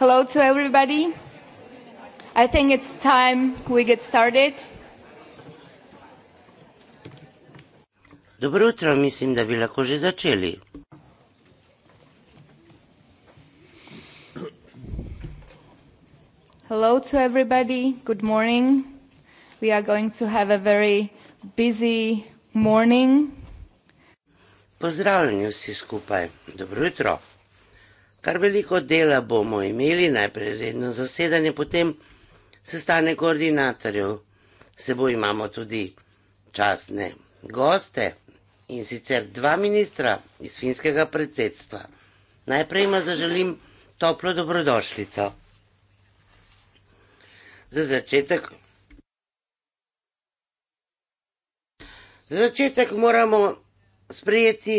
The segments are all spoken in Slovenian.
Hello to everybody. I think it's time we get started. Dobro jutro, mislim, da bi lahko že začeli. Hello to everybody. Good morning. We are going to have a very busy morning. Pozdravljeni vsi skupaj. Dobro jutro. Kar veliko dela bomo imeli, najprej redno zasedanje, potem sestane koordinatorjev. Seboj imamo tudi časne goste in sicer dva ministra iz finskega predsedstva. Najprej ima zaželim toplo dobrodošljico. Za začetek. Za začetek moramo sprejeti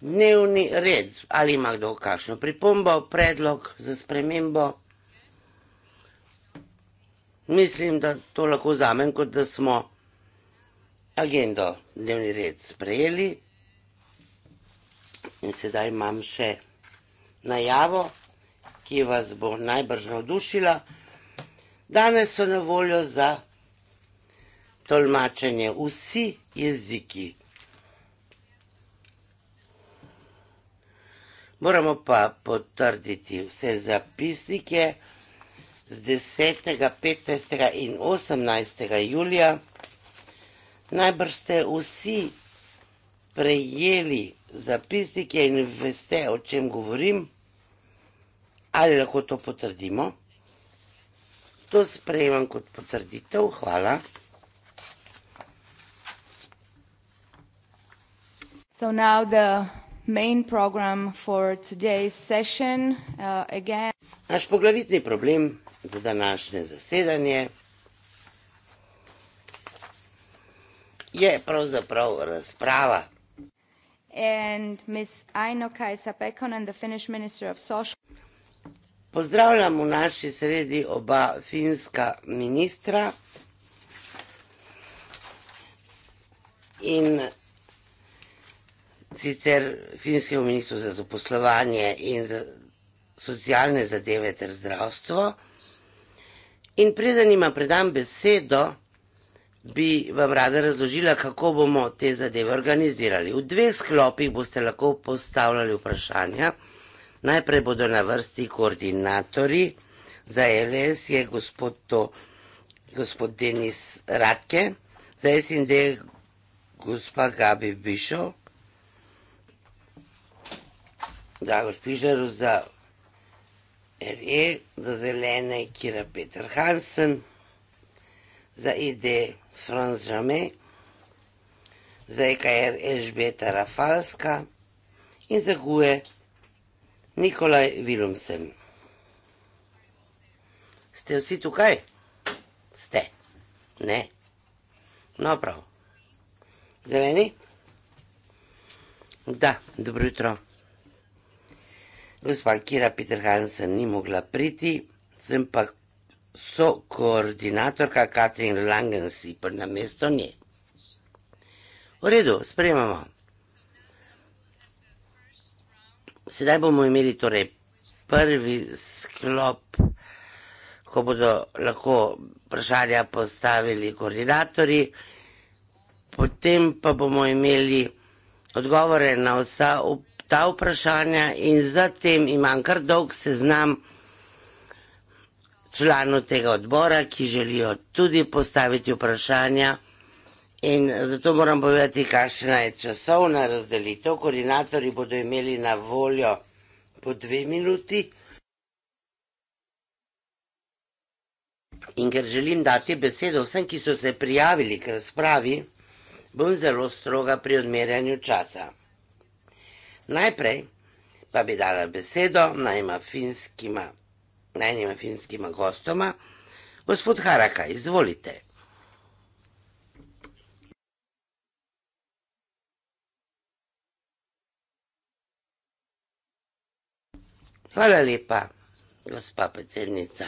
dnevni red. Ali ima kdo kakšno pripombo, predlog za spremembo? Mislim, da to lahko zamen, kot da smo agendo dnevni red sprejeli. In sedaj imam še najavo, ki vas bo najbrž navdušila. Danes so na voljo za tolmačenje vsi jeziki. Moramo pa potrditi vse zapisnike z 10., 15. in 18. julija. Najbrž ste vsi prejeli zapisnike in veste, o čem govorim. Ali lahko to potrdimo? To sprejemam kot potrditev, hvala. So now the main program for today's session uh, again. Naš poglavitni problem za današnje zasedanje je pravzaprav razprava. And Ms. Aino Kajsa Pekonen, the Finnish Minister of Social. Pozdravljam v naši sredi oba finska ministra. In sicer finskemu ministru za zaposlovanje in za socialne zadeve ter zdravstvo. In preden ima predam besedo, bi vam rada razložila, kako bomo te zadeve organizirali. V dveh sklopih boste lahko postavljali vprašanja. Najprej bodo na vrsti koordinatori. Za LS je gospod, to, gospod Denis Radke, za SND gospa Gabi Bišov. Dragoš Pižaru za RE, za Zelene Kira Peter Hansen, za ID e Franz Jame, za EKR Elžbeta Rafalska in za GUE Nikolaj Vilumsen. Ste vsi tukaj? Ste. Ne. No, prav. Zeleni? Da, dobro jutro gospa Kira Peter Hansen ni mogla priti, sem pa so koordinatorka Katrin Langensiper na mesto nje. V redu, sprejemamo. Sedaj bomo imeli torej prvi sklop, ko bodo lahko vprašanja postavili koordinatori, potem pa bomo imeli odgovore na vsa vprašanja, ta vprašanja in zatem imam kar dolg seznam članov tega odbora, ki želijo tudi postaviti vprašanja in zato moram povedati, kakšna je časovna razdelitev. Koordinatorji bodo imeli na voljo po dve minuti. In ker želim dati besedo vsem, ki so se prijavili k razpravi, bom zelo stroga pri odmerjanju časa. Najprej pa bi dala besedo najma finskima, najnima finskima gostoma. Gospod Haraka, izvolite. Hvala lepa, gospa predsednica.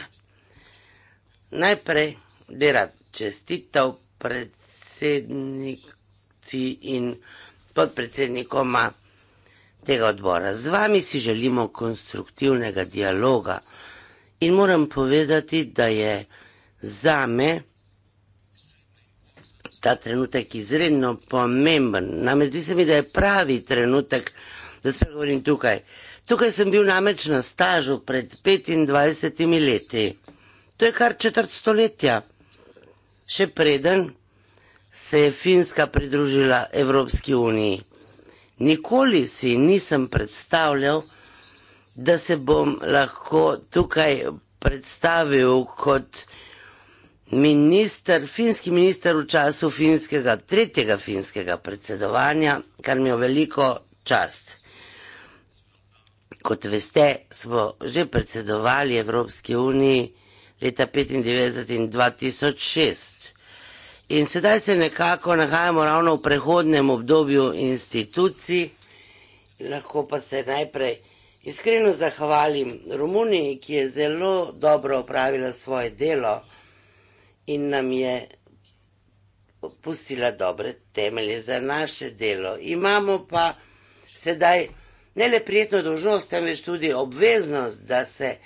Najprej bi rad čestitev predsednici in podpredsednikoma tega odbora. Z vami si želimo konstruktivnega dialoga in moram povedati, da je za me ta trenutek izredno pomemben. Namreč zdi se mi, da je pravi trenutek, da se govorim tukaj. Tukaj sem bil namreč na stažu pred 25 leti. To je kar četrt stoletja. Še preden se je Finska pridružila Evropski uniji. Nikoli si nisem predstavljal, da se bom lahko tukaj predstavil kot minister, finski minister v času finskega, tretjega finskega predsedovanja, kar mi je veliko čast. Kot veste, smo že predsedovali Evropski uniji leta 1995 in 2006. In sedaj se nekako nahajamo ravno v prehodnem obdobju institucij, lahko pa se najprej iskreno zahvalim Romuniji, ki je zelo dobro opravila svoje delo in nam je pustila dobre temelje za naše delo. Imamo pa sedaj ne le prijetno dožnost, temveč tudi obveznost, da se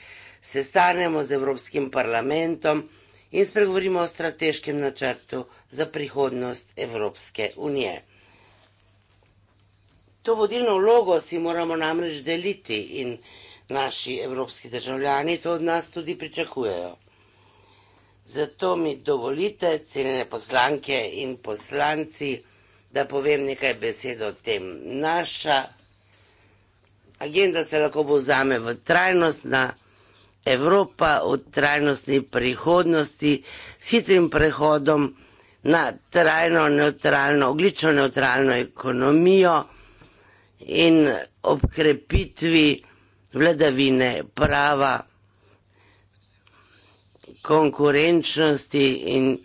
sestanemo z Evropskim parlamentom in spregovorimo o strateškem načrtu za prihodnost Evropske unije. To vodilno vlogo si moramo namreč deliti in naši evropski državljani to od nas tudi pričakujejo. Zato mi dovolite, cenjene poslanke in poslanci, da povem nekaj besed o tem. Naša agenda se lahko bo vzame v trajnost na vsega, Evropa v trajnostni prihodnosti s hitrim prehodom na trajno neutralno, oglično neutralno ekonomijo in obkrepitvi vladavine prava, konkurenčnosti in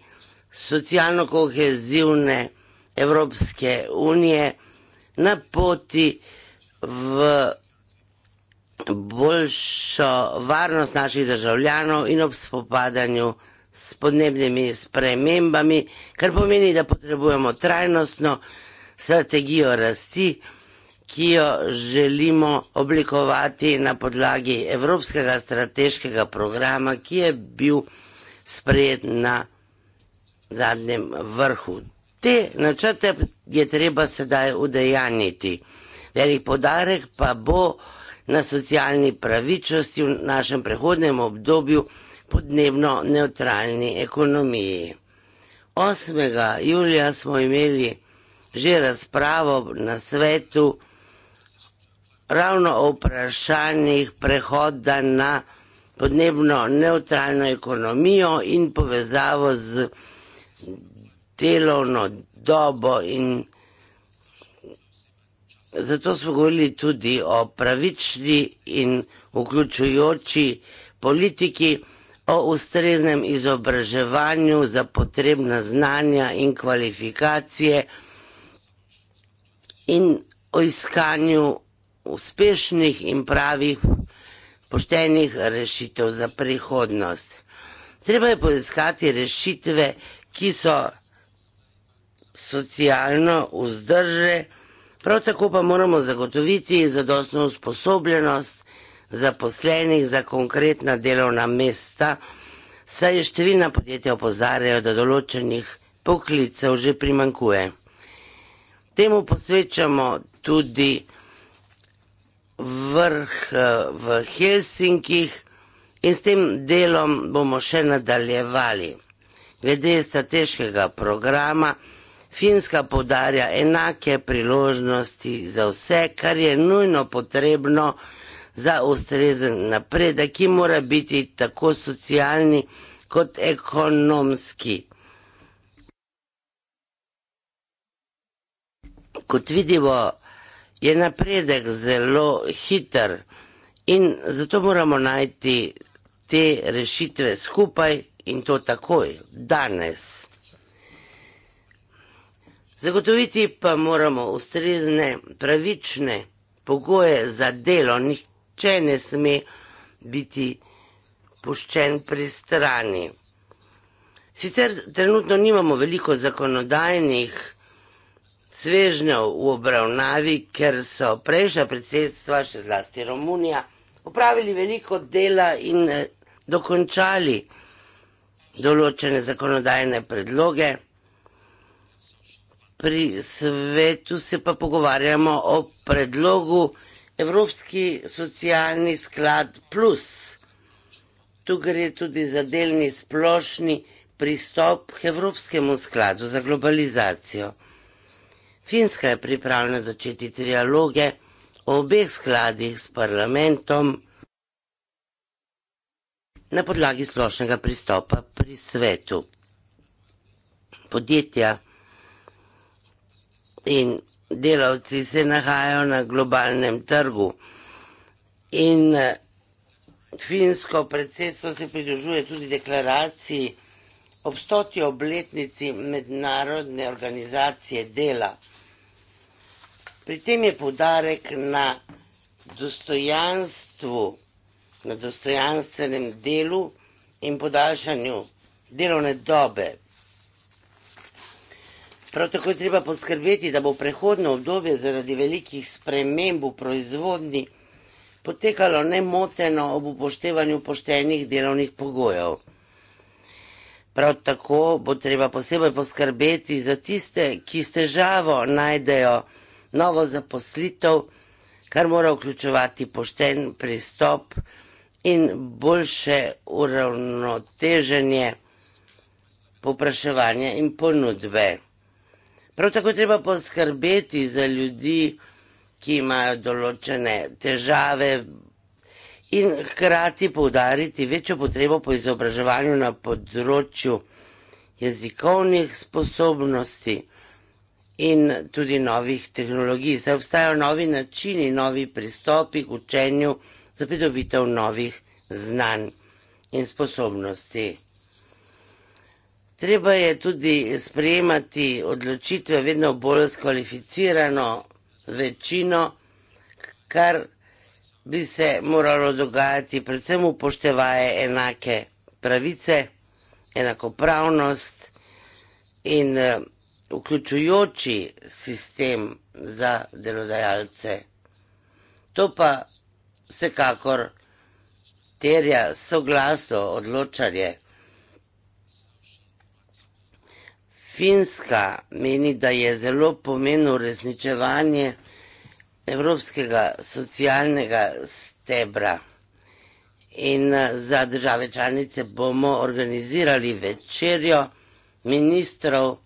socialno kohezivne Evropske unije na poti v boljšo varnost naših državljanov in ob spopadanju s podnebnimi spremembami, kar pomeni, da potrebujemo trajnostno strategijo rasti, ki jo želimo oblikovati na podlagi Evropskega strateškega programa, ki je bil sprejet na zadnjem vrhu. Te načrte je treba sedaj udejaniti. Velik podarek pa bo, da na socialni pravičnosti v našem prehodnem obdobju podnebno neutralni ekonomiji. 8. julija smo imeli že razpravo na svetu ravno o vprašanjih prehoda na podnebno neutralno ekonomijo in povezavo z delovno dobo in Zato smo govorili tudi o pravični in vključujoči politiki, o ustreznem izobraževanju za potrebna znanja in kvalifikacije in o iskanju uspešnih in pravih poštenih rešitev za prihodnost. Treba je poiskati rešitve, ki so socialno vzdržne, Prav tako pa moramo zagotoviti zadostno usposobljenost zaposlenih za konkretna delovna mesta, saj je številna podjetja opozarjajo, da določenih poklicev že primankuje. Temu posvečamo tudi vrh eh, v Helsinkih in s tem delom bomo še nadaljevali. Glede strateškega programa, Finska podarja enake priložnosti za vse, kar je nujno potrebno za ustrezen napredek, ki mora biti tako socialni kot ekonomski. Kot vidimo, je napredek zelo hiter in zato moramo najti te rešitve skupaj in to takoj, danes. Zagotoviti pa moramo ustrezne, pravične pogoje za delo. Nihče ne sme biti puščen pri strani. Sicer trenutno nimamo veliko zakonodajnih svežnjev v obravnavi, ker so prejša predsedstva, še zlasti Romunija, upravili veliko dela in eh, dokončali določene zakonodajne predloge pri svetu se pa pogovarjamo o predlogu Evropski socialni sklad plus. Tu gre tudi za delni splošni pristop k Evropskemu skladu za globalizacijo. Finska je pripravljena začeti trialoge o obeh skladih s parlamentom na podlagi splošnega pristopa pri svetu. Podjetja in delavci se nahajajo na globalnem trgu. In eh, finsko predsedstvo se pridružuje tudi deklaraciji obstoti obletnici mednarodne organizacije dela. Pri tem je podarek na dostojanstvu, na dostojanstvenem delu in podaljšanju delovne dobe Prav tako je treba poskrbeti, da bo prehodno obdobje zaradi velikih sprememb v proizvodni potekalo nemoteno ob upoštevanju poštenih delovnih pogojev. Prav tako bo treba posebej poskrbeti za tiste, ki s težavo najdejo novo zaposlitev, kar mora vključevati pošten pristop in boljše uravnoteženje popraševanja in ponudbe. Prav tako je treba poskrbeti za ljudi, ki imajo določene težave in hkrati poudariti večjo potrebo po izobraževanju na področju jezikovnih sposobnosti in tudi novih tehnologij. Saj obstajajo novi načini, novi pristopi k učenju za pridobitev novih znanj in sposobnosti. Treba je tudi sprejemati odločitve vedno bolj skvalificirano večino, kar bi se moralo dogajati, predvsem upoštevaje enake pravice, enakopravnost in eh, vključujoči sistem za delodajalce. To pa vsekakor terja soglasno odločanje. Finska meni, da je zelo pomembno uresničevanje evropskega socialnega stebra. In eh, za države članice bomo organizirali večerjo ministrov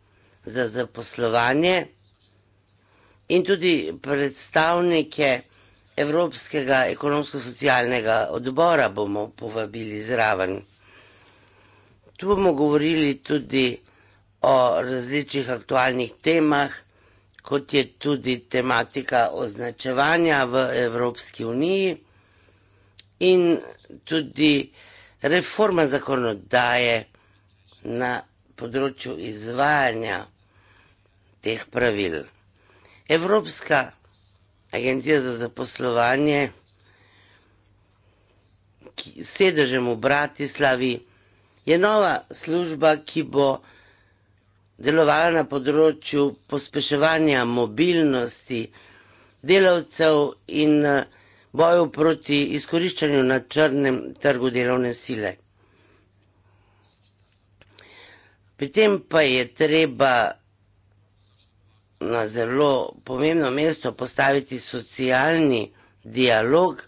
za zaposlovanje in tudi predstavnike Evropskega ekonomsko-socialnega odbora bomo povabili zraven. Tu bomo govorili tudi o različnih aktualnih temah, kot je tudi tematika označevanja v Evropski uniji in tudi reforma zakonodaje na področju izvajanja teh pravil. Evropska agencija za zaposlovanje sedežem v Bratislavi, je nova služba, ki bo delovala na področju pospeševanja mobilnosti delavcev in eh, boju proti izkoriščanju na črnem trgu delovne sile. Pri tem pa je treba na zelo pomembno mesto postaviti socialni dialog,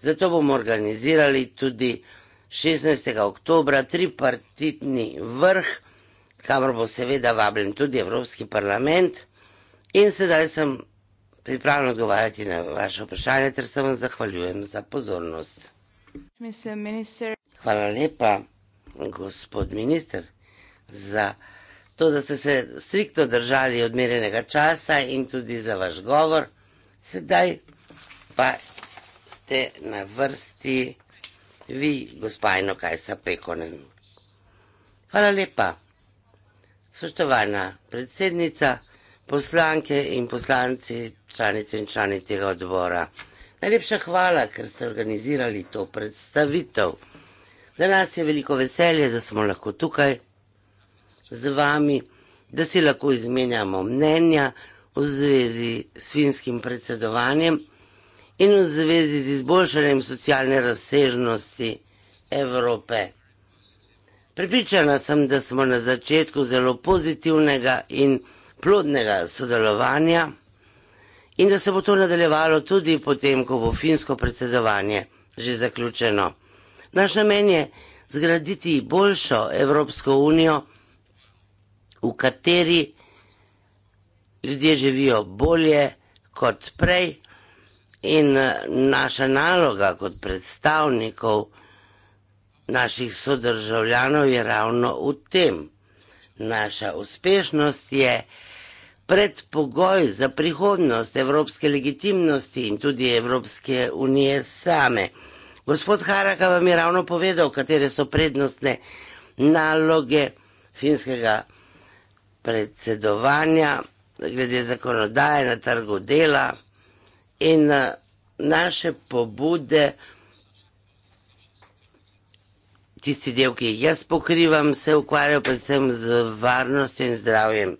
zato bomo organizirali tudi 16. oktobra tripartitni vrh kamor bo seveda vabljen tudi Evropski parlament. In sedaj sem pripravljen odgovarjati na vaše vprašanje, ter se vam zahvaljujem za pozornost. Hvala lepa, gospod minister, za to, da ste se striktno držali odmerenega časa in tudi za vaš govor. Sedaj pa ste na vrsti vi, gospajno, kaj sa pekonen. Hvala lepa. Spoštovana predsednica, poslanke in poslanci, članice in člani tega odbora. Najlepša hvala, ker ste organizirali to predstavitev. Za nas je veliko veselje, da smo lahko tukaj z vami, da si lahko izmenjamo mnenja v zvezi s finskim predsedovanjem in v zvezi z izboljšanjem socialne razsežnosti Evrope. Pripričana sem, da smo na začetku zelo pozitivnega in plodnega sodelovanja in da se bo to nadaljevalo tudi potem, ko bo finsko predsedovanje že zaključeno. Naš namen je zgraditi boljšo Evropsko unijo, v kateri ljudje živijo bolje kot prej in eh, naša naloga kot predstavnikov naših sodržavljanov je ravno v tem. Naša uspešnost je predpogoj za prihodnost evropske legitimnosti in tudi Evropske unije same. Gospod Haraka vam je ravno povedal, katere so prednostne naloge finskega predsedovanja glede zakonodaje na trgu dela in eh, naše pobude tisti del, ki jih jaz pokrivam, se ukvarjajo predvsem z varnostjo in zdravjem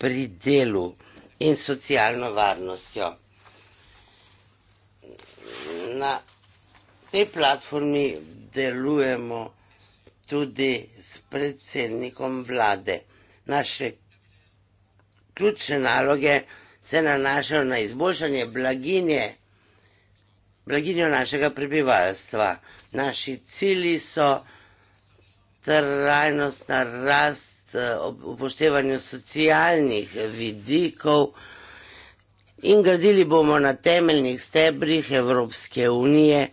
pri delu in socialno varnostjo. Na tej platformi delujemo tudi s predsednikom vlade. Naše ključne naloge se nanašajo na izboljšanje blaginje, blaginjo našega prebivalstva. Naši cili so trajnostna rast eh, ob upoštevanju socialnih vidikov in gradili bomo na temeljnih stebrih Evropske unije,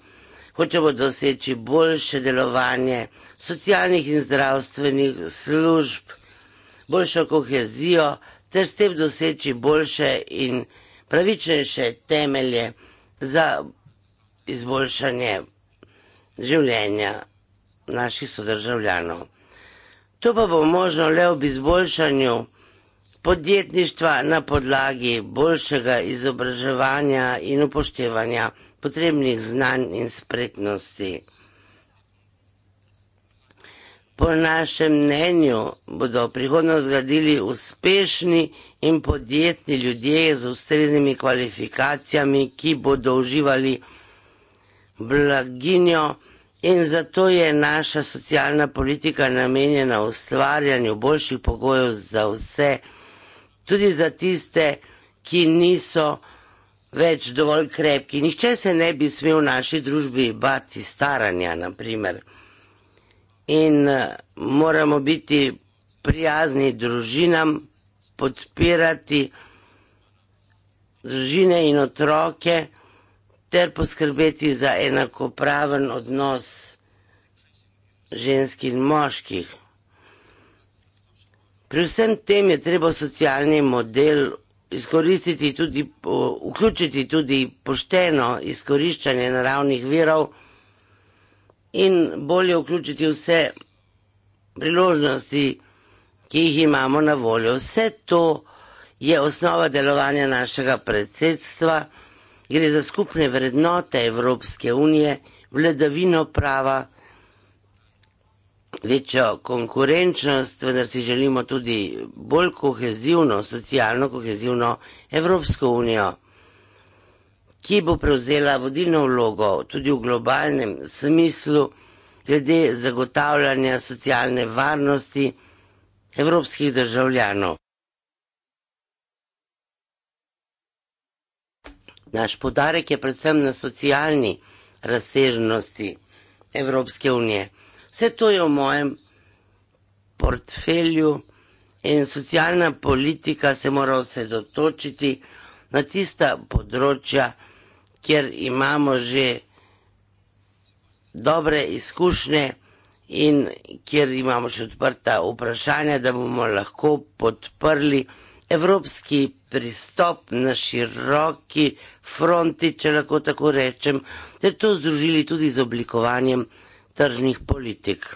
hočemo doseči boljše delovanje socialnih in zdravstvenih služb, boljšo kohezijo ter s tem doseči boljše in pravičnejše temelje za izboljšanje življenja naših sodržavljanov. To pa bo možno le ob izboljšanju podjetništva na podlagi boljšega izobraževanja in upoštevanja potrebnih znanj in spretnosti. Po našem mnenju bodo prihodnost zgradili uspešni in podjetni ljudje z ustreznimi kvalifikacijami, ki bodo uživali blaginjo. In zato je naša socialna politika namenjena ustvarjanju boljših pogojev za vse, tudi za tiste, ki niso več dovolj krepki. Nihče se ne bi smel v naši družbi bati staranja, naprimer. In moramo biti prijazni družinam, podpirati družine in otroke ter poskrbeti za enakopraven odnos ženskih in moških. Pri vsem tem je treba socialni model izkoristiti tudi, vključiti tudi pošteno izkoriščanje naravnih virov in bolje vključiti vse priložnosti, ki jih imamo na voljo. Vse to je osnova delovanja našega predsedstva gre za skupne vrednote Evropske unije, vladavino prava, večjo konkurenčnost, vendar si želimo tudi bolj kohezivno, socialno kohezivno Evropsko unijo, ki bo prevzela vodilno vlogo tudi v globalnem smislu glede zagotavljanja socialne varnosti evropskih državljanov. Naš podarek je predvsem na socialni razsežnosti Evropske unije. Vse to je v mojem portfelju in socialna politika se mora osredotočiti na tista področja, kjer imamo že dobre izkušnje in kjer imamo še odprta vprašanja, da bomo lahko podprli evropski pristop na široki fronti, če lahko tako rečem, ter to združili tudi z oblikovanjem tržnih politik.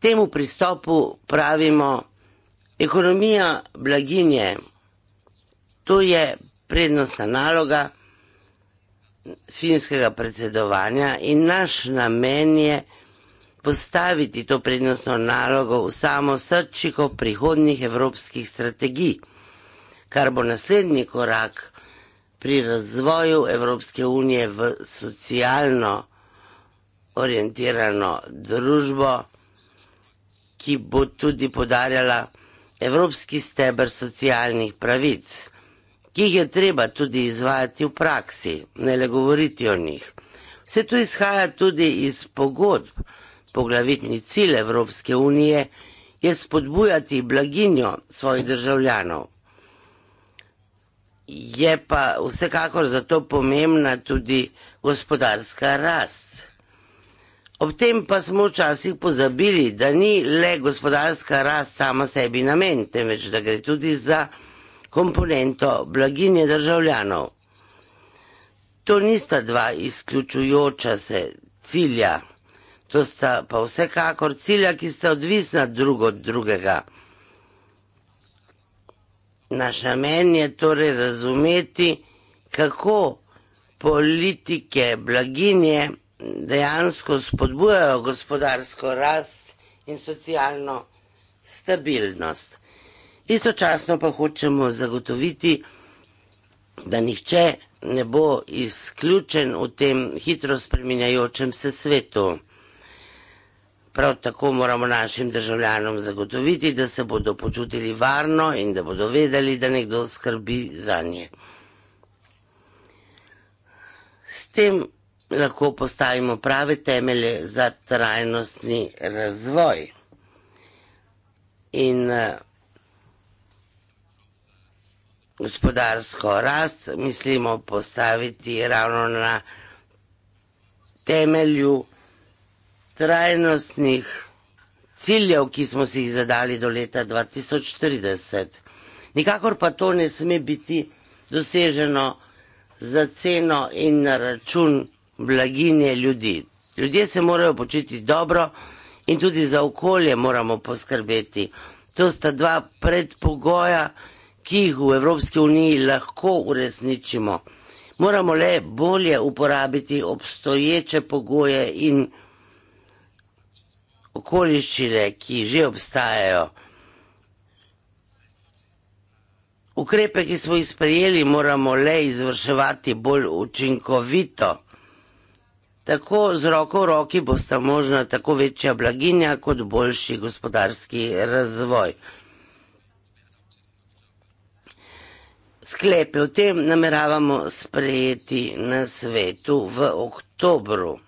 Temu pristopu pravimo ekonomija blaginje. To je prednostna naloga finskega predsedovanja in naš namen je, da postaviti to prednostno nalogo v samo srčiko prihodnih evropskih strategij, kar bo naslednji korak pri razvoju Evropske unije v socialno orientirano družbo, ki bo tudi podarjala evropski steber socialnih pravic, ki jih je treba tudi izvajati v praksi, ne le govoriti o njih. Vse to izhaja tudi iz pogodb, poglavitni cilj Evropske unije je spodbujati blaginjo svojih državljanov. Je pa vsekakor zato pomembna tudi gospodarska rast. Ob tem pa smo včasih pozabili, da ni le gospodarska rast sama sebi namen, temveč da gre tudi za komponento blaginje državljanov. To nista dva izključujoča se cilja. To sta pa vsekakor cilja, ki sta odvisna drug od drugega. Naša men je torej razumeti, kako politike blaginje dejansko spodbujajo gospodarsko rast in socialno stabilnost. Istočasno pa hočemo zagotoviti, da nihče ne bo izključen v tem hitro spreminjajočem se svetu. Prav tako moramo našim državljanom zagotoviti, da se bodo počutili varno in da bodo vedeli, da nekdo skrbi za nje. S tem lahko postavimo prave temelje za trajnostni razvoj. In eh, gospodarsko rast mislimo postaviti ravno na temelju trajnostnih ciljev, ki smo si jih zadali do leta 2040. Nikakor pa to ne sme biti doseženo za ceno in na račun blaginje ljudi. Ljudje se morajo početi dobro in tudi za okolje moramo poskrbeti. To sta dva predpogoja, ki jih v Evropski uniji lahko uresničimo. Moramo le bolje uporabiti obstoječe pogoje in okoliščine, ki že obstajajo. Ukrepe, ki smo jih sprejeli, moramo le izvrševati bolj učinkovito. Tako z roko v roki bosta možna tako večja blaginja kot boljši gospodarski razvoj. Sklepe o tem nameravamo sprejeti na svetu v oktobru.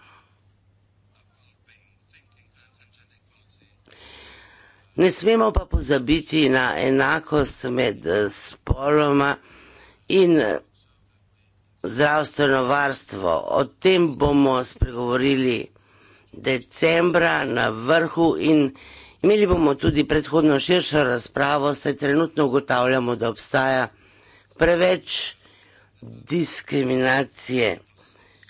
Ne smemo pa pozabiti na enakost med eh, spoloma in eh, zdravstveno varstvo. O tem bomo spregovorili decembra na vrhu in imeli bomo tudi predhodno širšo razpravo, saj trenutno ugotavljamo, da obstaja preveč diskriminacije.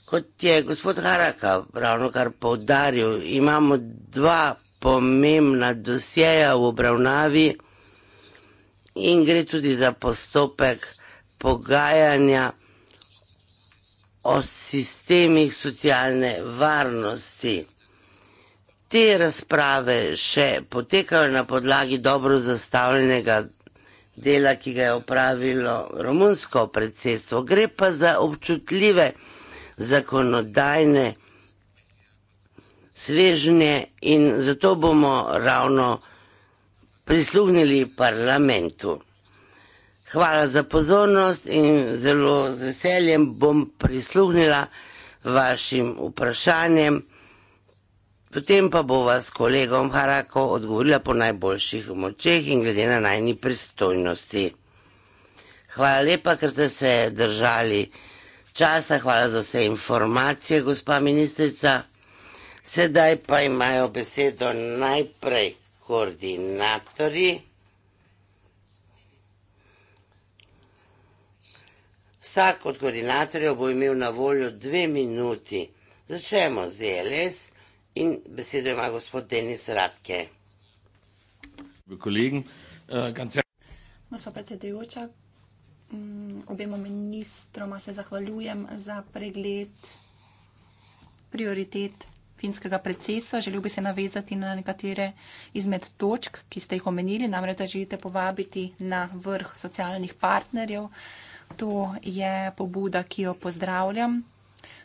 Kot je gospod Haraka ravno kar poudaril, imamo dva pomembna dosjeja v obravnavi in gre tudi za postopek pogajanja o sistemih socialne varnosti. Te razprave še potekajo na podlagi dobro zastavljenega dela, ki ga je opravilo romunsko predsedstvo. Gre pa za občutljive zakonodajne vprašanje, svežnje in zato bomo ravno prisluhnili parlamentu. Hvala za pozornost in zelo z veseljem bom prisluhnila vašim vprašanjem. Potem pa bo vas kolegom Harako odgovorila po najboljših močeh in glede na najni pristojnosti. Hvala lepa, ker ste se držali časa. Hvala za vse informacije, gospa ministrica. Sedaj pa imajo besedo najprej koordinatorji. Vsak od koordinatorjev bo imel na voljo dve minuti. Začnemo z ELS in besedo ima gospod Denis Radke. Eh, gospod predsedujoča, mm, obema ministroma se zahvaljujem za pregled prioritet finskega predsedstva. Želel bi se navezati na nekatere izmed točk, ki ste jih omenili, namreč, da želite povabiti na vrh socialnih partnerjev. To je pobuda, ki jo pozdravljam.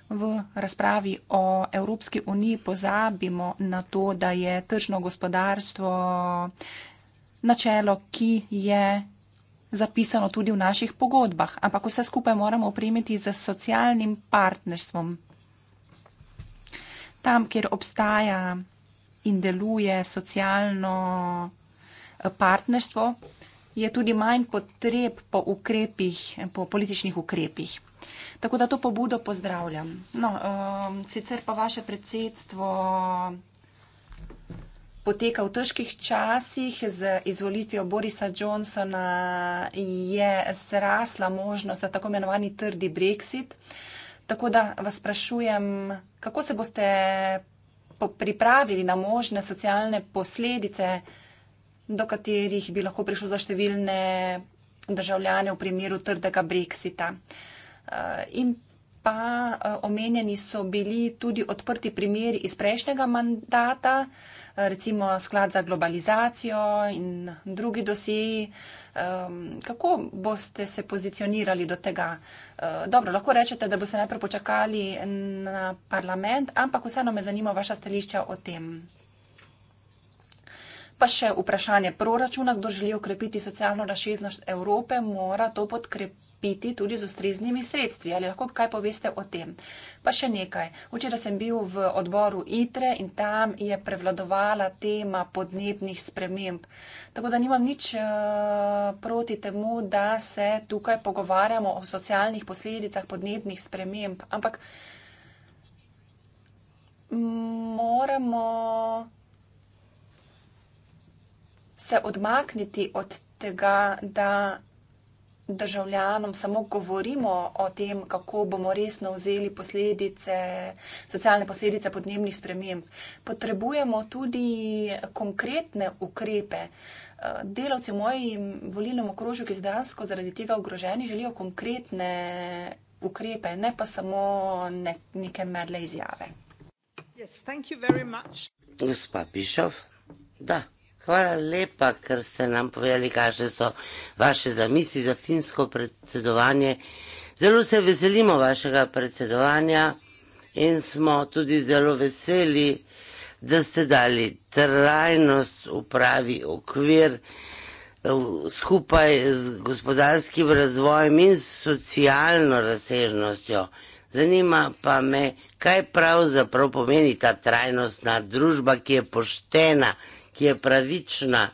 V razpravi o Evropski uniji pozabimo na to, da je tržno gospodarstvo načelo, ki je zapisano tudi v naših pogodbah, ampak vse skupaj moramo opremiti z socialnim partnerstvom, tam, kjer obstaja in deluje socialno eh, partnerstvo, je tudi manj potreb po ukrepih, po političnih ukrepih. Tako da to pobudo pozdravljam. No, um, sicer pa vaše predsedstvo poteka v težkih časih z izvolitvijo Borisa Johnsona, je zrasla možnost za tako imenovani trdi brexit. Uh, Tako da vas sprašujem, kako se boste pripravili na možne socialne posledice, do katerih bi lahko prišlo za številne državljane v primeru trdega Brexita. Eh, in pa eh, omenjeni so bili tudi odprti primeri iz prejšnjega mandata, eh, recimo sklad za globalizacijo in drugi dosiji um, kako boste se pozicionirali do tega? Uh, dobro, lahko rečete, da boste najprej počakali na parlament, ampak vseeno me zanima vaša stališča o tem. Pa še vprašanje proračuna, kdo želi okrepiti socialno rašeznost Evrope, mora to podkrepiti piti tudi z ustreznimi sredstvi. Ali lahko kaj poveste o tem? Pa še nekaj. Včeraj sem bil v odboru ITRE in tam je prevladovala tema podnebnih sprememb. Tako da nimam nič uh, proti temu, da se tukaj pogovarjamo o socialnih posledicah podnebnih sprememb. Ampak mm, moramo se odmakniti od tega, da državljanom samo govorimo o tem, kako bomo resno vzeli posledice, socialne posledice podnebnih sprememb. Potrebujemo tudi konkretne ukrepe. Delavci v mojem volilnem okrožju, ki so dejansko zaradi tega ogroženi, želijo konkretne ukrepe, ne pa samo ne, neke medle izjave. Yes, Gospa Pišov, da. Hvala lepa, ker ste nam povedali, kakšne so vaše zamisli za finsko predsedovanje. Zelo se veselimo vašega predsedovanja in smo tudi zelo veseli, da ste dali trajnost eh, v pravi okvir skupaj z gospodarskim razvojem in socialno razsežnostjo. Zanima pa me, kaj pravzaprav pomeni ta trajnostna družba, ki je poštena ki je pravična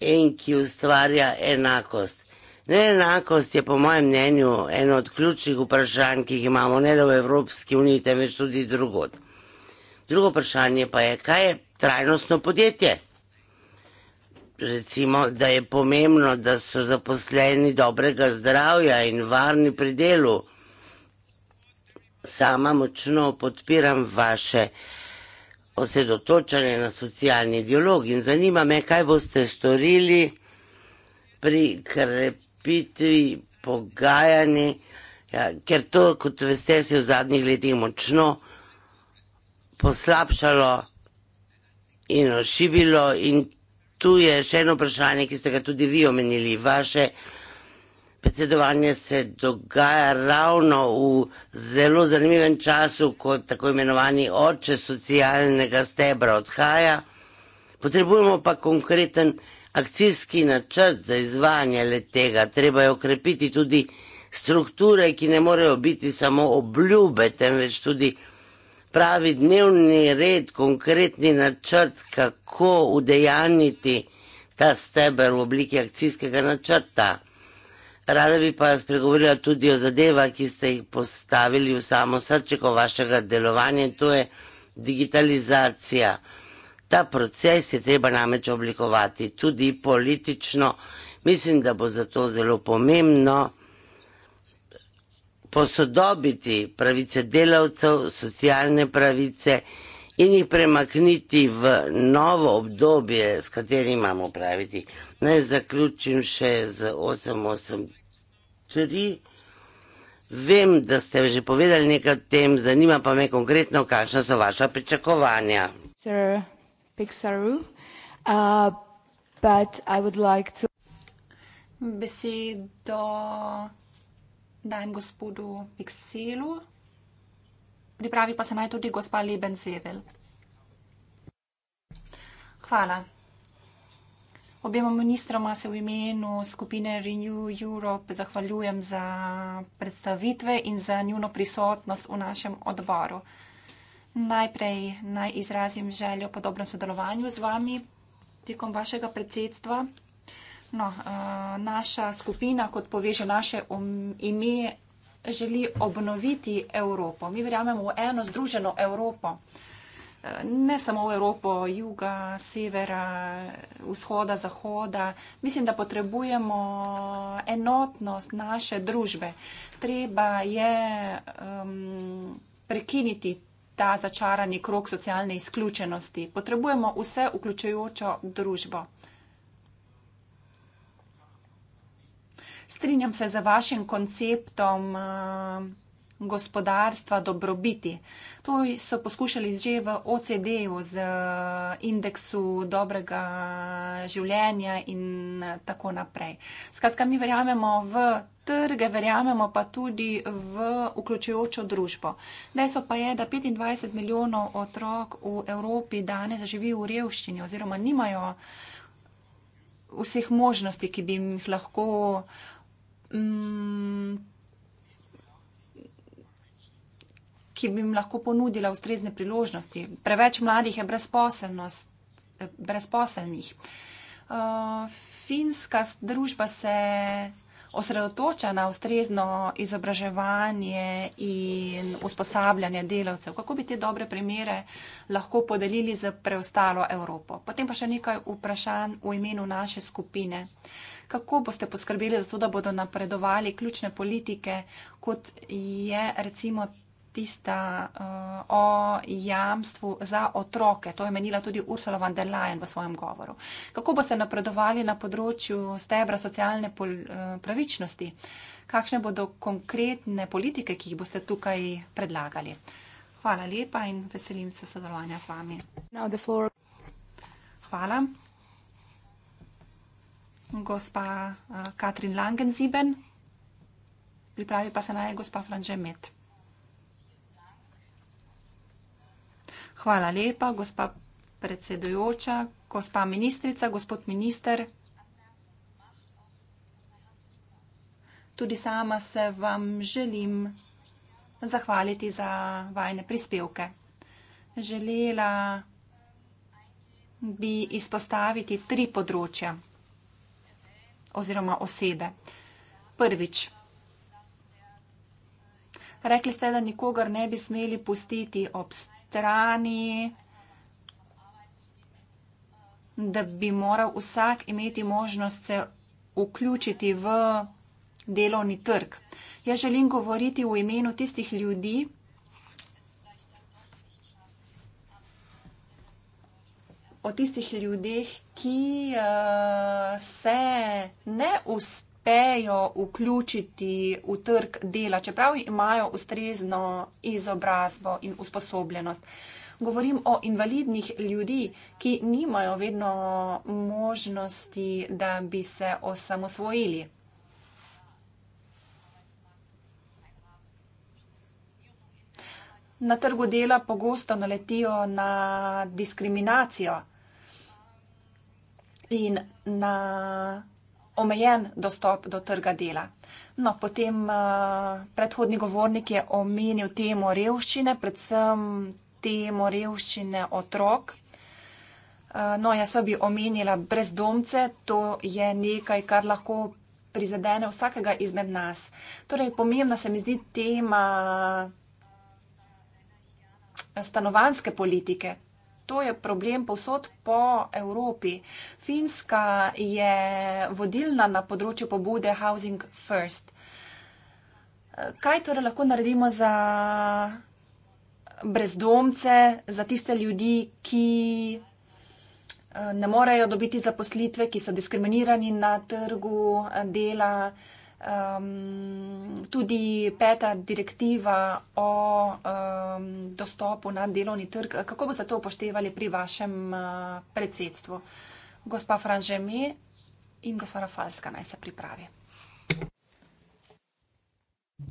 in ki ustvarja enakost. Neenakost je po mojem mnenju eno od ključnih vprašanj, ki jih imamo ne le v Evropski uniji, temveč tudi drugod. Drugo vprašanje pa je, kaj je trajnostno podjetje? Recimo, da je pomembno, da so zaposleni dobrega zdravja in varni pri delu. Sama močno podpiram vaše osredotočali na socialni dialog in zanima me, kaj boste storili pri krepitvi pogajanji, ja, ker to, kot veste, se je v zadnjih letih močno poslabšalo in ošibilo in tu je še eno vprašanje, ki ste ga tudi vi omenili, vaše Predsedovanje se dogaja ravno v zelo zanimivem času, ko tako imenovani oče socialnega stebra odhaja. Potrebujemo pa konkreten akcijski načrt za izvajanje letega. Treba je okrepiti tudi strukture, ki ne morejo biti samo obljube, temveč tudi pravi dnevni red, konkretni načrt, kako udejaniti ta steber v obliki akcijskega načrta. Rada bi pa spregovorila tudi o zadeva, ki ste jih postavili v samo srčeko vašega delovanja, to je digitalizacija. Ta proces je treba namreč oblikovati tudi politično. Mislim, da bo zato zelo pomembno posodobiti pravice delavcev, socialne pravice in jih premakniti v novo obdobje, s katerim imamo praviti. Naj zaključim še z 88 tri. Vem, da ste že povedali nekaj o tem, zanima pa me konkretno, kakšna so vaša pričakovanja. Uh, Besedo dajem gospodu Pixelu, pripravi pa se naj tudi gospa Lebensevel. Hvala. Objema ministroma se v imenu skupine Renew Europe zahvaljujem za predstavitve in za njuno prisotnost v našem odboru. Najprej naj izrazim željo po dobrem sodelovanju z vami tekom vašega predsedstva. No, eh, naša skupina, kot poveže naše um-, ime, želi obnoviti Evropo. Mi verjamemo v eno združeno Evropo ne samo v Evropo, juga, severa, vzhoda, zahoda. Mislim, da potrebujemo enotnost naše družbe. Treba je um, prekiniti ta začarani krok socialne izključenosti. Potrebujemo vse vključujočo družbo. Strinjam se z vašim konceptom. Uh, gospodarstva dobrobiti. To so poskušali že v OCD-ju z eh, indeksu dobrega življenja in eh, tako naprej. Skratka, mi verjamemo v trge, verjamemo pa tudi v vključujočo družbo. Dejstvo pa je, da 25 milijonov otrok v Evropi danes živi v revščini oziroma nimajo vseh možnosti, ki bi jim jih lahko. Mm, ki bi jim lahko ponudila ustrezne priložnosti. Preveč mladih je brezposelnih. Uh, finska družba se osredotoča na ustrezno izobraževanje in usposabljanje delavcev. Kako bi te dobre primere lahko podelili z preostalo Evropo? Potem pa še nekaj vprašanj v imenu naše skupine. Kako boste poskrbeli za to, da bodo napredovali ključne politike, kot je recimo tista uh, o jamstvu za otroke. To je menila tudi Ursula von der Leyen v svojem govoru. Kako boste napredovali na področju stebra socialne pol, uh, pravičnosti? Kakšne bodo konkretne politike, ki jih boste tukaj predlagali? Hvala lepa in veselim se sodelovanja z vami. Hvala. Gospa uh, Katrin Langenzieben, pripravi pa se naj gospa Franže Met. Hvala lepa, gospa predsedujoča, gospa ministrica, gospod minister. Tudi sama se vam želim zahvaliti za vajne prispevke. Želela bi izpostaviti tri področja oziroma osebe. Prvič, rekli ste, da nikogar ne bi smeli pustiti ob strani strani, da bi moral vsak imeti možnost se vključiti v delovni trg. Jaz želim govoriti v imenu tistih ljudi, o tistih ljudeh, ki uh, se ne uspravljajo uspejo vključiti v trg dela, čeprav imajo ustrezno izobrazbo in usposobljenost. Govorim o invalidnih ljudi, ki nimajo vedno možnosti, da bi se osamosvojili. Na trgu dela pogosto naletijo na diskriminacijo in na omejen dostop do trga dela. No, potem eh, predhodni govornik je omenil temo revščine, predvsem temo revščine otrok. Eh, no, jaz pa bi omenila brezdomce, to je nekaj, kar lahko prizadene vsakega izmed nas. Torej, pomembna se mi zdi tema eh, stanovanske politike. To je problem povsod po Evropi. Finska je vodilna na področju pobude Housing First. Kaj torej lahko naredimo za brezdomce, za tiste ljudi, ki eh, ne morejo dobiti zaposlitve, ki so diskriminirani na trgu eh, dela? um, tudi peta direktiva o um, dostopu na delovni trg. Kako boste to upoštevali pri vašem uh, predsedstvu? Gospa Franžemi in gospa Rafalska naj se pripravi.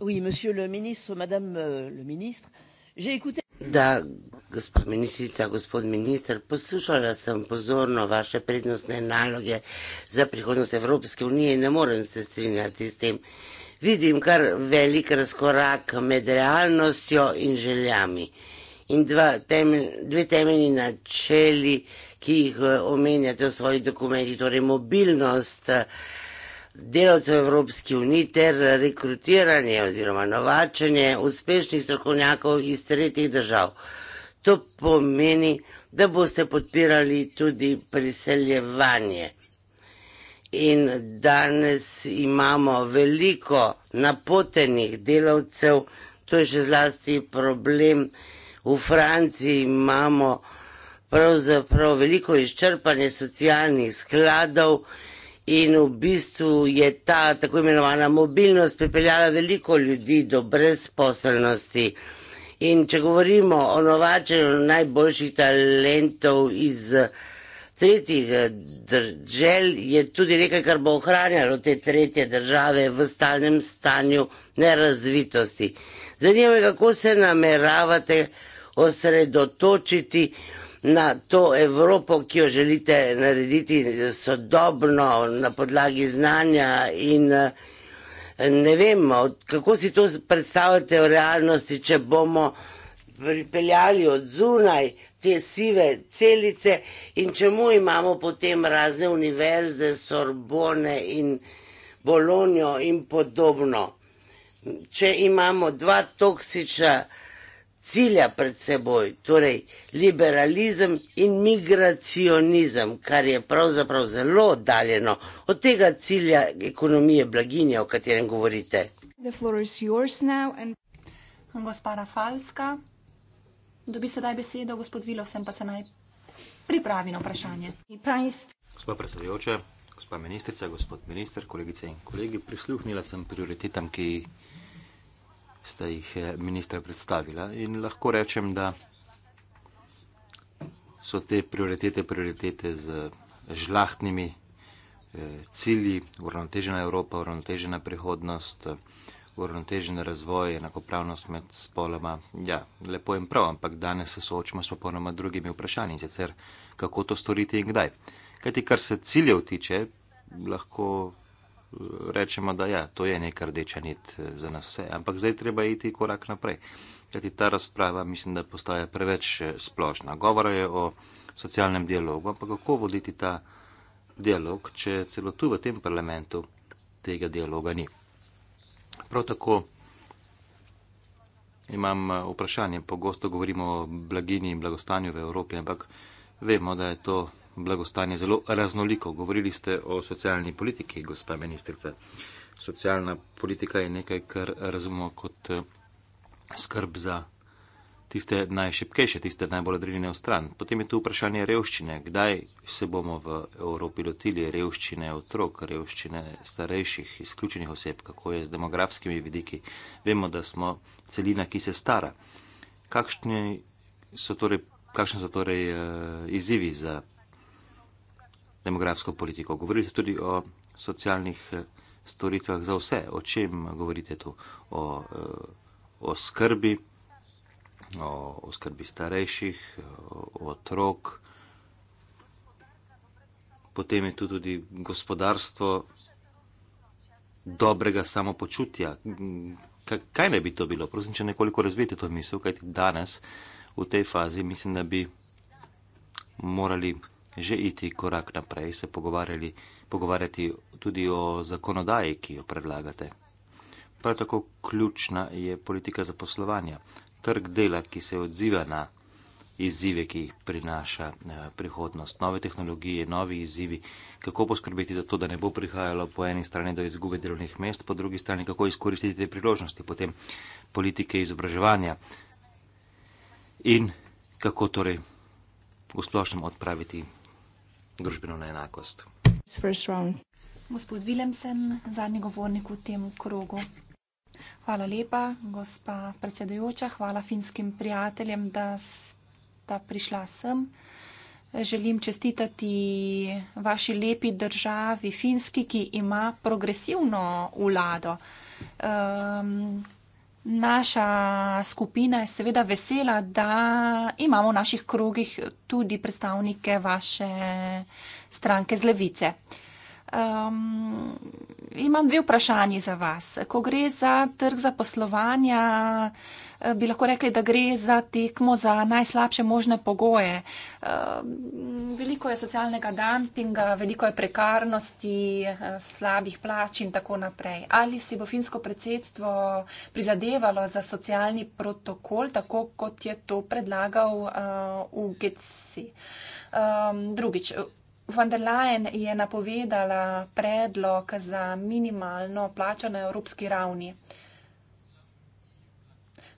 Oui, monsieur le ministre, madame euh, le ministre, j'ai écouté. Da, gospod ministrica, gospod minister, poslušala sem pozorno vaše prednostne naloge za prihodnost Evropske unije in ne morem se strinjati s tem. Vidim kar velik razkorak med realnostjo in željami. In dva, temelj, dve temeljni načeli, ki jih eh, omenjate v svojih dokumentih, torej mobilnost eh, delavcev Evropske unije ter rekrutiranje oziroma novačenje uspešnih strokovnjakov iz tretjih držav. To pomeni, da boste podpirali tudi priseljevanje. In danes imamo veliko napotenih delavcev, to je še zlasti problem. V Franciji imamo pravzaprav veliko izčrpanje socialnih skladov in v bistvu je ta tako imenovana mobilnost pripeljala veliko ljudi do brezposelnosti. In če govorimo o novačenju najboljših talentov iz eh, tretjih eh, držav, je tudi nekaj, kar bo ohranjalo te tretje države v stalnem stanju nerazvitosti. Zanima me, kako se nameravate osredotočiti na to Evropo, ki jo želite narediti sodobno na podlagi znanja in uh, ne vemo, kako si to predstavljate v realnosti, če bomo pripeljali od zunaj te sive celice in čemu imamo potem razne univerze, Sorbone in Bolonijo in podobno. Če imamo dva toksična cilja pred seboj, torej liberalizem in migracionizem, kar je pravzaprav zelo daljeno od tega cilja ekonomije blaginje, o katerem govorite. Gospa Rafalska, dobi sedaj besedo, gospod Vilosen, pa se naj pripravi na vprašanje. Gospa predsedujoča, gospa ministrica, gospod minister, kolegice in kolegi, prisluhnila sem prioritetam, ki sta jih eh, ministra predstavila in lahko rečem, da so te prioritete prioritete z žlahtnimi eh, cilji, uravnotežena Evropa, uravnotežena prihodnost, uravnotežen razvoj, enakopravnost med spoloma. Ja, lepo in prav, ampak danes se soočamo s popolnoma drugimi vprašanji, sicer kako to storiti in kdaj. Kajti, kar se ciljev tiče, lahko rečemo, da ja, to je neka rdeča nit eh, za nas vse, ampak zdaj treba iti korak naprej. Kajti ta razprava mislim, da postaja preveč eh, splošna. Govora je o socialnem dialogu, ampak kako voditi ta dialog, če celo tu v tem parlamentu tega dialoga ni. Prav tako imam eh, vprašanje, pogosto govorimo o blaginji in blagostanju v Evropi, ampak vemo, da je to blagostanje zelo raznoliko. Govorili ste o socialni politiki, gospa ministrica. Socialna politika je nekaj, kar razumemo kot eh, skrb za tiste najšipkejše, tiste najbolj odrinjene v stran. Potem je tu vprašanje revščine. Kdaj se bomo v Evropi lotili revščine otrok, revščine starejših, izključenih oseb, kako je z demografskimi vidiki. Vemo, da smo celina, ki se stara. Kakšni so torej, kakšni so torej uh, izzivi za demografsko politiko. Govorite tudi o socialnih eh, storitvah za vse. O čem govorite tu? O, eh, o skrbi, o, o skrbi starejših, o, o otrok. Potem je tu tudi gospodarstvo dobrega samopočutja. Kaj ne bi to bilo? Prosim, če nekoliko razvijete to misel, kajti danes v tej fazi mislim, da bi morali že iti korak naprej, se pogovarjati tudi o zakonodaji, ki jo predlagate. Prav tako ključna je politika zaposlovanja, trg dela, ki se odziva na izzive, ki jih prinaša eh, prihodnost, nove tehnologije, novi izzivi, kako poskrbeti za to, da ne bo prihajalo po eni strani do izgube delovnih mest, po drugi strani kako izkoristiti te priložnosti, potem politike izobraževanja in kako torej v splošnem odpraviti družbeno neenakost. Gospod Vilemsen, zadnji govornik v tem krogu. Hvala lepa, gospa predsedujoča, hvala finskim prijateljem, da sta prišla sem. Želim čestitati vaši lepi državi Finski, ki ima progresivno vlado. Um, Naša skupina je seveda vesela, da imamo v naših krogih tudi predstavnike vaše stranke z levice. Um, imam dve vprašanji za vas. Ko gre za trg za poslovanja, eh, bi lahko rekli, da gre za tekmo za najslabše možne pogoje. Um, veliko je socialnega dumpinga, veliko je prekarnosti, eh, slabih plač in tako naprej. Ali si bo finsko predsedstvo prizadevalo za socialni protokol, tako kot je to predlagal uh, eh, UGC? Um, drugič. Von der Leyen je napovedala predlog za minimalno plačo na evropski ravni.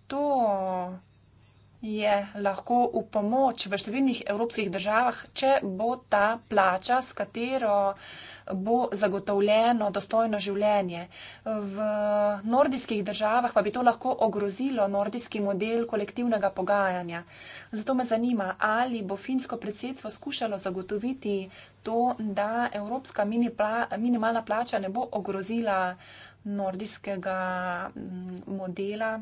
To je lahko v pomoč v številnih evropskih državah, če bo ta plača, s katero bo zagotovljeno dostojno življenje. V nordijskih državah pa bi to lahko ogrozilo nordijski model kolektivnega pogajanja. Zato me zanima, ali bo finsko predsedstvo skušalo zagotoviti to, da evropska mini pla, minimalna plača ne bo ogrozila nordijskega modela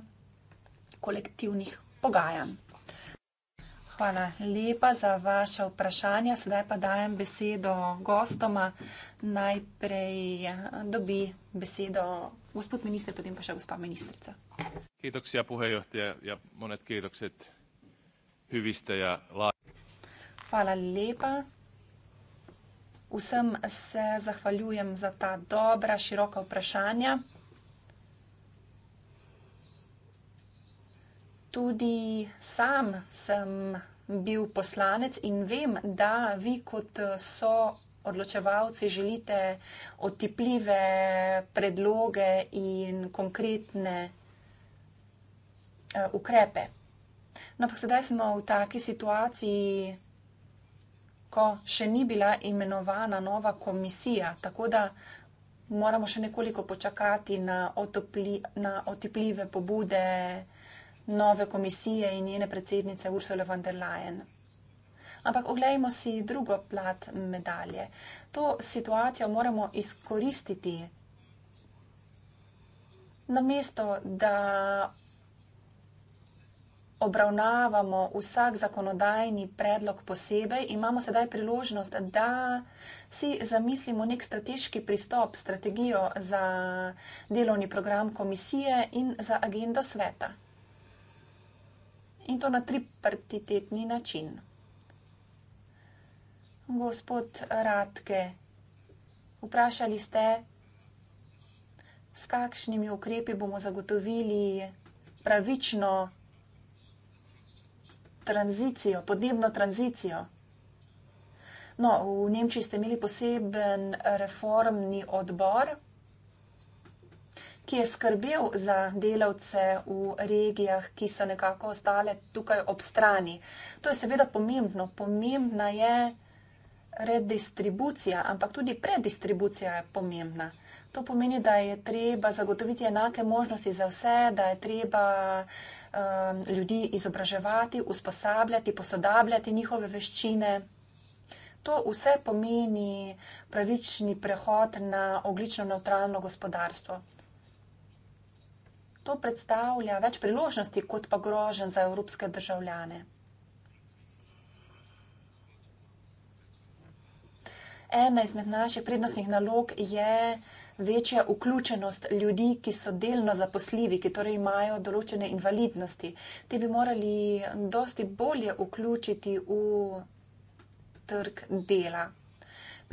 kolektivnih pogajanj. Hvala lepa za vaše vprašanja. Sedaj pa dajem besedo gostoma. Najprej eh, dobi besedo gospod minister, potem pa še gospa ministrica. Kiitoksia puheenjohtaja ja monet kiitokset hyvistä ja Hvala lepa. Vsem se zahvaljujem za ta dobra, široka vprašanja. Tudi sam sem bil poslanec in vem, da vi kot eh, so odločevalci želite otipljive predloge in konkretne uh, ukrepe. No, ampak sedaj smo v taki situaciji, ko še ni bila imenovana nova komisija, tako da moramo še nekoliko počakati na, otopli, na otipljive pobude nove komisije in njene predsednice Ursula von der Leyen. Ampak oglejmo si drugo plat medalje. To situacijo moramo izkoristiti na mesto, da obravnavamo vsak zakonodajni predlog posebej, imamo sedaj priložnost, da si zamislimo nek strateški pristop, strategijo za delovni program komisije in za agendo sveta in to na tripartitetni način. Gospod Radke, vprašali ste, s kakšnimi ukrepi bomo zagotovili pravično tranzicijo, podnebno tranzicijo. No, v Nemčiji ste imeli poseben reformni odbor ki je skrbel za delavce v regijah, ki so nekako ostale tukaj ob strani. To je seveda pomembno. Pomembna je redistribucija, ampak tudi predistribucija je pomembna. To pomeni, da je treba zagotoviti enake možnosti za vse, da je treba um, ljudi izobraževati, usposabljati, posodabljati njihove veščine. To vse pomeni pravični prehod na oglično neutralno gospodarstvo. To predstavlja več priložnosti, kot pa grožen za evropske državljane. Ena izmed naših prednostnih nalog je večja vključenost ljudi, ki so delno zaposljivi, ki torej imajo določene invalidnosti. Te bi morali dosti bolje vključiti v trg dela.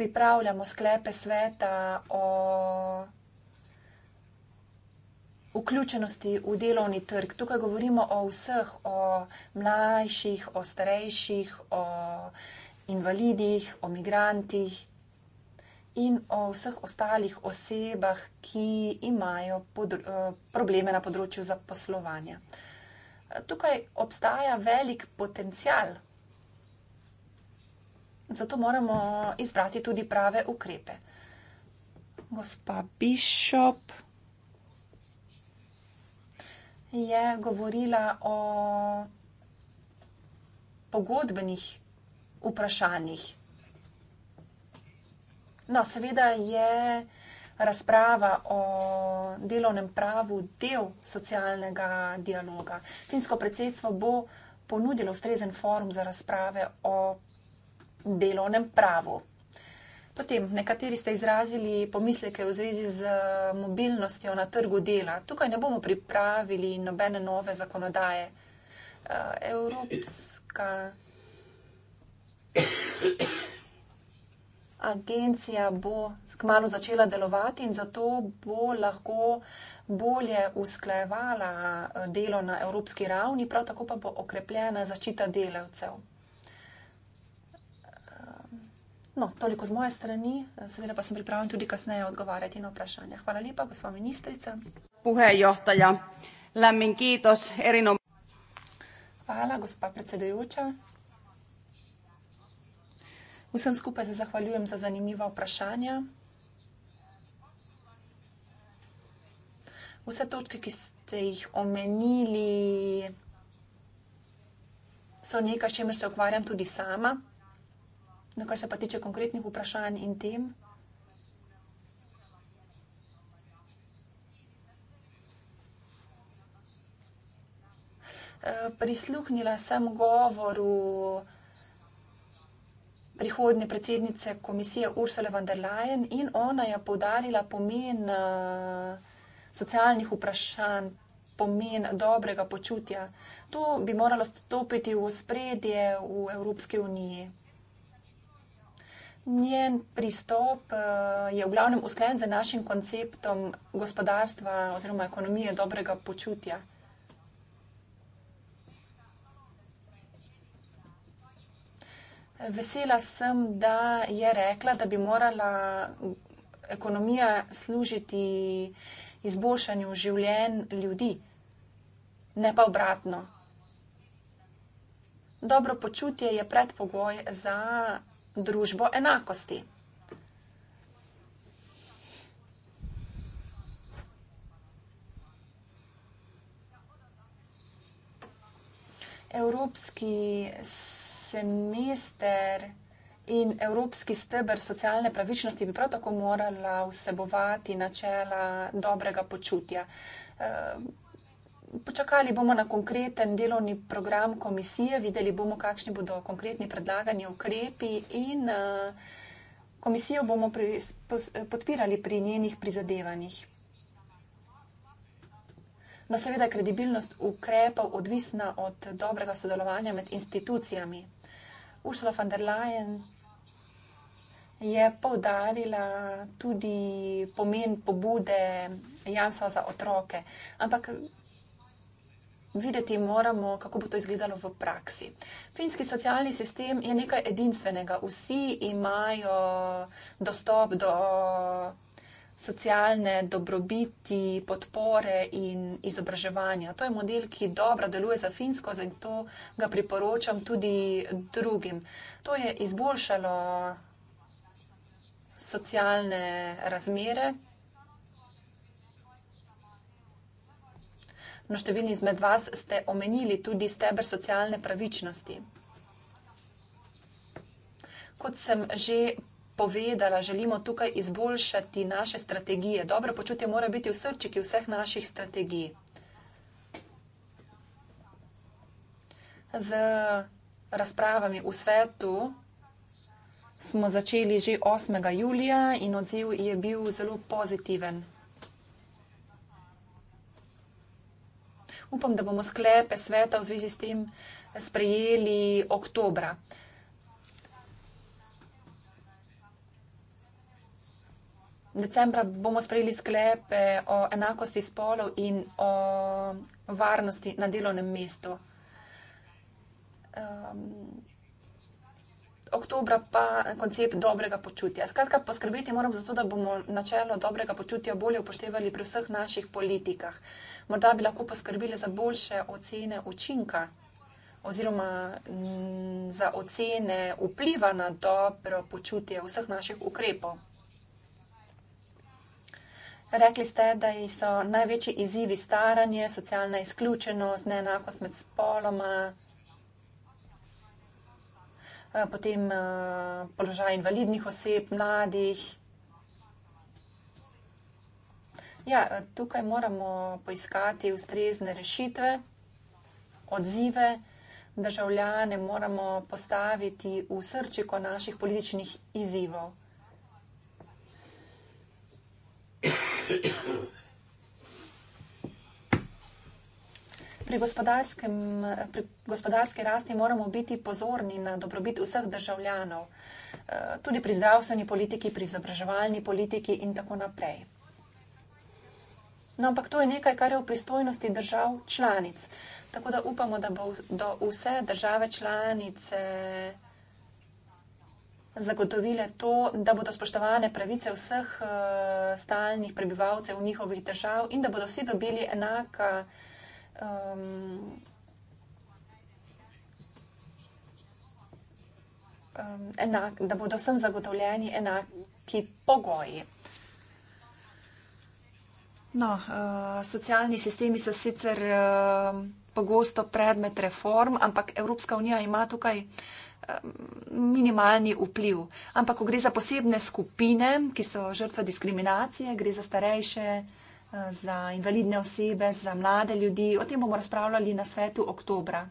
Pripravljamo sklepe sveta o vključenosti v delovni trg. Tukaj govorimo o vseh, o mlajših, o starejših, o invalidih, o migrantih in o vseh ostalih osebah, ki imajo eh, probleme na področju zaposlovanja. Tukaj obstaja velik potencial, zato moramo izbrati tudi prave ukrepe. Gospa Bishop je govorila o pogodbenih vprašanjih. No, seveda je razprava o delovnem pravu del socialnega dialoga. Finsko predsedstvo bo ponudilo ustrezen forum za razprave o delovnem pravu. Potem, nekateri ste izrazili pomisleke v zvezi z eh, mobilnostjo na trgu dela. Tukaj ne bomo pripravili nobene nove zakonodaje. Eh, Evropska agencija bo kmalo začela delovati in zato bo lahko bolje usklajevala eh, delo na evropski ravni, prav tako pa bo okrepljena zaščita delavcev. No, toliko z moje strani, seveda pa sem pripravljen tudi kasneje odgovarjati na vprašanja. Hvala lepa, gospod ministrica. Hvala, gospa predsedujoča. Vsem skupaj se zahvaljujem za zanimiva vprašanja. Vse točke, ki ste jih omenili, so nekaj, s čimer se ukvarjam tudi sama no, kar se pa tiče konkretnih vprašanj in tem. Eh, prisluhnila sem govoru prihodne predsednice komisije Ursula von der Leyen in ona je podarila pomen eh, socialnih vprašanj, pomen dobrega počutja. To bi moralo stopiti v spredje v Evropske unije njen pristop eh, je v glavnem usklajen z našim konceptom gospodarstva oziroma ekonomije dobrega počutja. Vesela sem, da je rekla, da bi morala ekonomija služiti izboljšanju življenj ljudi, ne pa obratno. Dobro počutje je predpogoj za družbo enakosti. Evropski semester in evropski stebr socialne pravičnosti bi prav tako morala vsebovati načela dobrega počutja. Uh, počakali bomo na konkreten delovni program komisije, videli bomo, kakšni bodo konkretni predlagani ukrepi in eh, komisijo bomo pri, podpirali pri njenih prizadevanjih. No, seveda je kredibilnost ukrepov odvisna od dobrega sodelovanja med institucijami. Ursula von der Leyen je povdarila tudi pomen pobude jamstva za otroke. Ampak videti moramo, kako bo to izgledalo v praksi. Finski socialni sistem je nekaj edinstvenega. Vsi imajo dostop do socialne dobrobiti, podpore in izobraževanja. To je model, ki dobro deluje za Finsko, zato ga priporočam tudi drugim. To je izboljšalo socialne razmere. No, številni izmed vas ste omenili tudi steber socialne pravičnosti. Kot sem že povedala, želimo tukaj izboljšati naše strategije. Dobro počutje mora biti v srčiki vseh naših strategij. Z razpravami v svetu smo začeli že 8. julija in odziv je bil zelo pozitiven. Upam, da bomo sklepe sveta v zvezi s tem sprejeli oktobra. Decembra bomo sprejeli sklepe o enakosti spolov in o varnosti na delovnem mestu. Um, oktobra pa koncept dobrega počutja. Skratka, poskrbeti moramo za to, da bomo načelo dobrega počutja bolje upoštevali pri vseh naših politikah. Uh, morda bi lahko poskrbeli za boljše ocene učinka oziroma mm, za ocene vpliva na dobro počutje vseh naših ukrepov. Rekli ste, da so največji izzivi staranje, socialna izključenost, neenakost med spoloma, eh, potem eh, položaj invalidnih oseb, mladih. Ja, e, tukaj moramo poiskati ustrezne rešitve, odzive. Državljane moramo postaviti v srčiko naših političnih izzivov. Pri, pri gospodarski rasti moramo biti pozorni na dobrobit vseh državljanov, e, tudi pri zdravstveni politiki, pri izobraževalni politiki in tako naprej. No, ampak to je nekaj, kar je v pristojnosti držav članic. Tako da upamo, da bodo vse države članice zagotovile to, da bodo spoštovane pravice vseh eh, stalnih prebivalcev v njihovih držav in da bodo vsi dobili enaka. Um, Enak, da bodo vsem zagotovljeni enaki pogoji. No, uh, socialni sistemi so sicer uh, pogosto predmet reform, ampak Evropska unija ima tukaj eh, minimalni vpliv. Ampak, ko gre za posebne skupine, ki so žrtve diskriminacije, gre za starejše, za invalidne osebe, za mlade ljudi, o tem bomo razpravljali na svetu oktobra.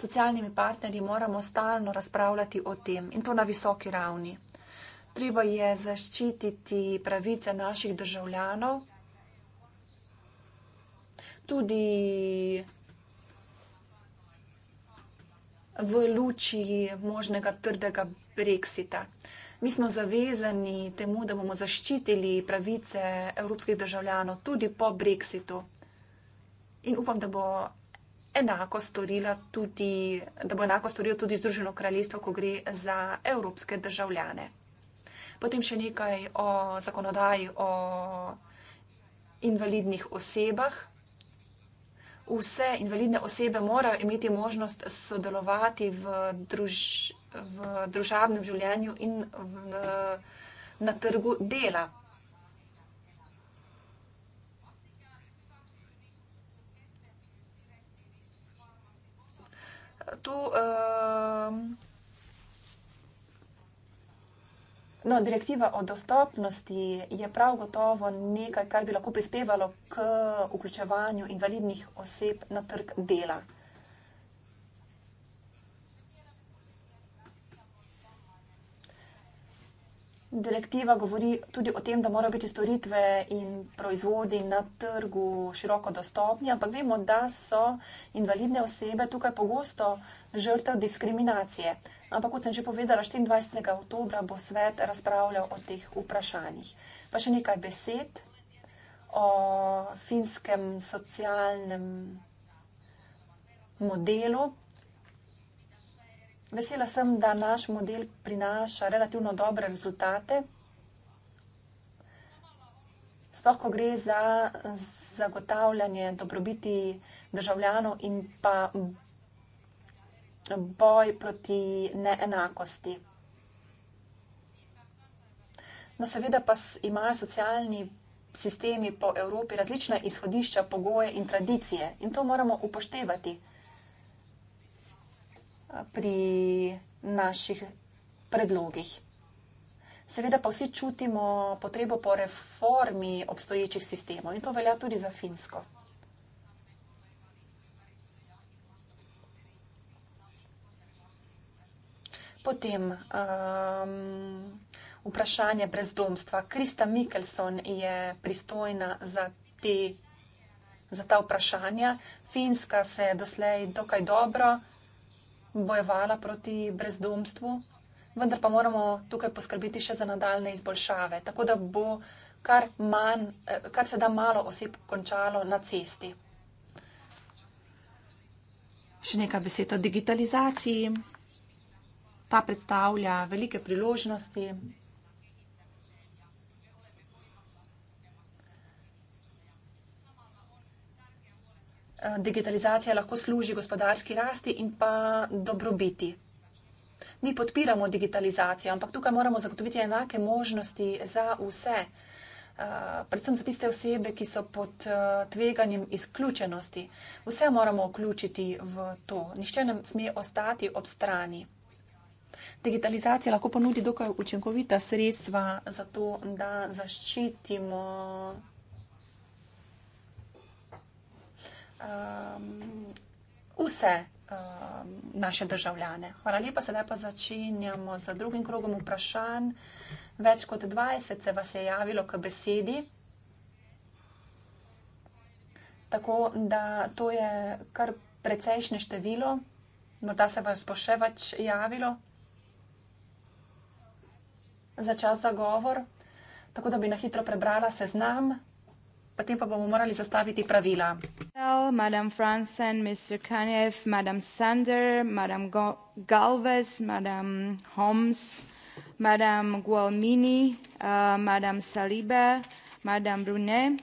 socialnimi partnerji moramo stalno razpravljati o tem in to na visoki ravni. Treba je zaščititi pravice naših državljanov, tudi v luči možnega trdega brexita. Mi smo zavezani temu, da bomo zaščitili pravice evropskih državljanov tudi po brexitu. In upam, da bo enako storila tudi, da bo enako storilo tudi Združeno kraljestvo, ko gre za evropske državljane. Potem še nekaj o zakonodaji o invalidnih osebah. Vse invalidne osebe morajo imeti možnost sodelovati v, druž, v družabnem življenju in v, na trgu dela. tu. Ehm, no, direktiva o dostopnosti je prav gotovo nekaj, kar bi lahko prispevalo k vključevanju invalidnih oseb na trg dela. Direktiva govori tudi o tem, da morajo biti storitve in proizvodi na trgu široko dostopni, ampak vemo, da so invalidne osebe tukaj pogosto žrtev diskriminacije. Ampak kot sem že povedala, 24. oktober bo svet razpravljal o teh vprašanjih. Pa še nekaj besed o finskem socialnem modelu, Vesela sem, da naš model prinaša relativno dobre rezultate. Sploh, ko gre za zagotavljanje dobrobiti državljanov in pa boj proti neenakosti. No, seveda pa imajo socialni sistemi po Evropi različna izhodišča, pogoje in tradicije in to moramo upoštevati pri naših predlogih. Seveda pa vsi čutimo potrebo po reformi obstoječih sistemov in to velja tudi za Finsko. Potem um, vprašanje brezdomstva. Krista Mikkelson je pristojna za, te, za ta vprašanja. Finska se doslej dokaj dobro bojevala proti brezdomstvu, vendar pa moramo tukaj poskrbeti še za nadaljne izboljšave, tako da bo kar, manj, eh, kar se da malo oseb končalo na cesti. Še nekaj besed o digitalizaciji. Ta predstavlja velike priložnosti, digitalizacija lahko služi gospodarski rasti in pa dobrobiti. Mi podpiramo digitalizacijo, ampak tukaj moramo zagotoviti enake možnosti za vse, eh, predvsem za tiste osebe, ki so pod eh, tveganjem izključenosti. Vse moramo vključiti v to. Nihče nam sme ostati ob strani. Digitalizacija lahko ponudi dokaj učinkovita sredstva za to, da zaščitimo um, vse um, naše državljane. Hvala lepa, sedaj pa začenjamo z drugim krogom vprašanj. Več kot 20 se vas je javilo k besedi. Tako da to je kar precejšnje število, morda se vas bo še več javilo za čas za govor. Tako da bi na hitro prebrala seznam. Potem pa bomo morali zastaviti pravila. Madam Fransen, Mr. Kanjev, Madam Sander, Madam Galvez, Madam Holmes, Madam Gualmini, uh, Madam Saliba, Madam Brunet,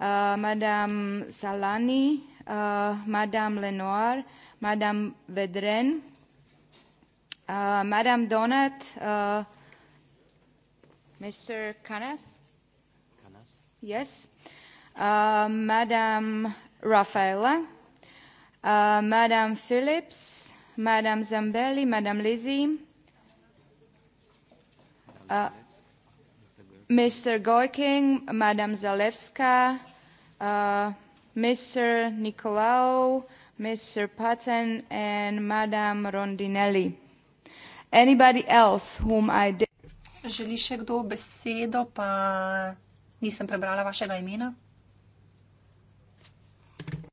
uh, Madam Salani, uh, Madam Lenoir, Madam Vedren, uh, Madam Donat, uh, Mr. Canas? Canas? Yes. Uh, Madam Raffaella, uh, Madam Phillips, Madam Zambelli, Madam Lizzie, uh, Mr. Goiking, Madam Zalewska, uh, Mr. Nicolaou, Mr. Patton, and Madam Rondinelli. Anybody else whom I did? Želi še kdo besedo, pa nisem prebrala vašega imena?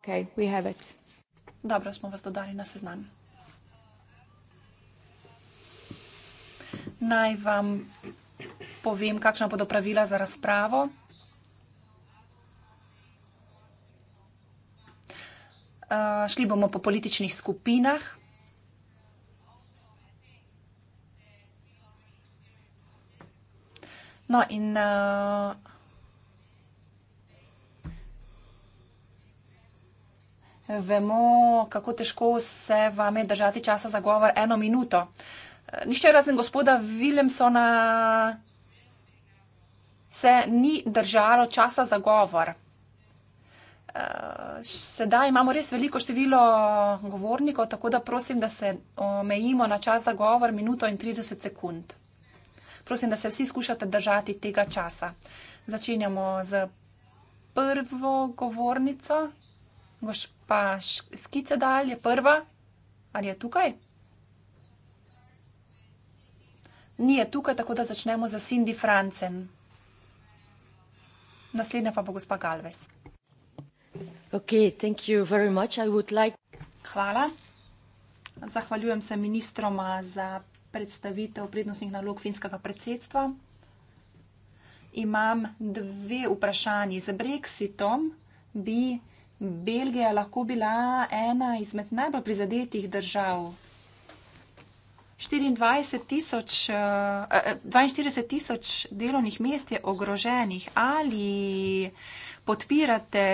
Okay, Dobro, smo vas dodali na seznam. Naj vam povem, kakšna bodo pravila za razpravo. Uh, šli bomo po političnih skupinah. No, in uh, Vemo, kako težko se vam je držati časa za govor eno minuto. Nihče razen gospoda Williamsona se ni držalo časa za govor. Eh, sedaj imamo res veliko število govornikov, tako da prosim, da se omejimo na čas za govor minuto in 30 sekund. Prosim, da se vsi skušate držati tega časa. Začenjamo z prvo govornico. Gospa Skica Dal je prva. Ali je tukaj? Ni je tukaj, tako da začnemo za Cindy Francen. Naslednja pa bo gospa Galvez. Okay, like... Hvala. Zahvaljujem se ministroma za predstavitev prednostnih nalog finskega predsedstva. Imam dve vprašanji. Z Brexitom bi Belgija lahko bila ena izmed najbolj prizadetih držav. 24 eh, eh, tisoč delovnih mest je ogroženih. Ali podpirate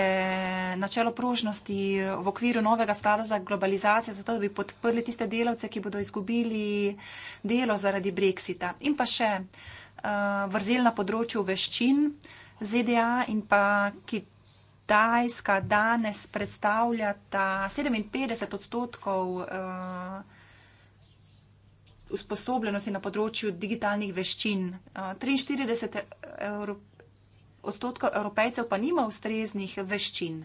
načelo prožnosti v okviru novega sklada za globalizacijo, zato da bi podprli tiste delavce, ki bodo izgubili delo zaradi brexita? In pa še eh, vrzel na področju veščin ZDA in pa kit. Kitajska danes predstavljata 57 odstotkov uh, usposobljenosti na področju digitalnih veščin. Uh, 43 evro, odstotkov evropejcev pa nima ustreznih veščin.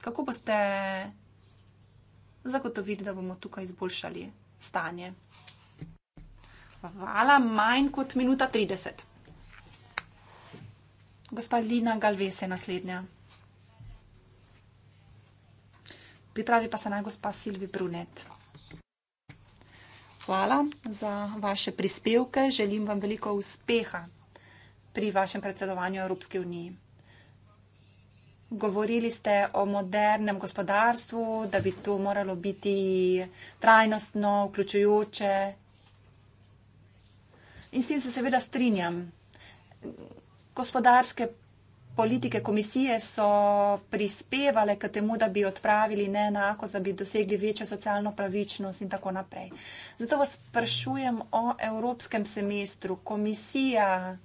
Kako boste zagotovili, da bomo tukaj izboljšali stanje? Hvala, manj kot minuta 30. Gospa Lina Galves je naslednja. Pripravi pa se naj gospa Silvi Brunet. Hvala za vaše prispevke. Želim vam veliko uspeha pri vašem predsedovanju Evropske unije. Govorili ste o modernem gospodarstvu, da bi to moralo biti trajnostno, vključujoče. In s tem se seveda strinjam gospodarske politike komisije so prispevale k temu, da bi odpravili neenakost, da bi dosegli večjo socialno pravičnost in tako naprej. Zato vas sprašujem o evropskem semestru. Komisija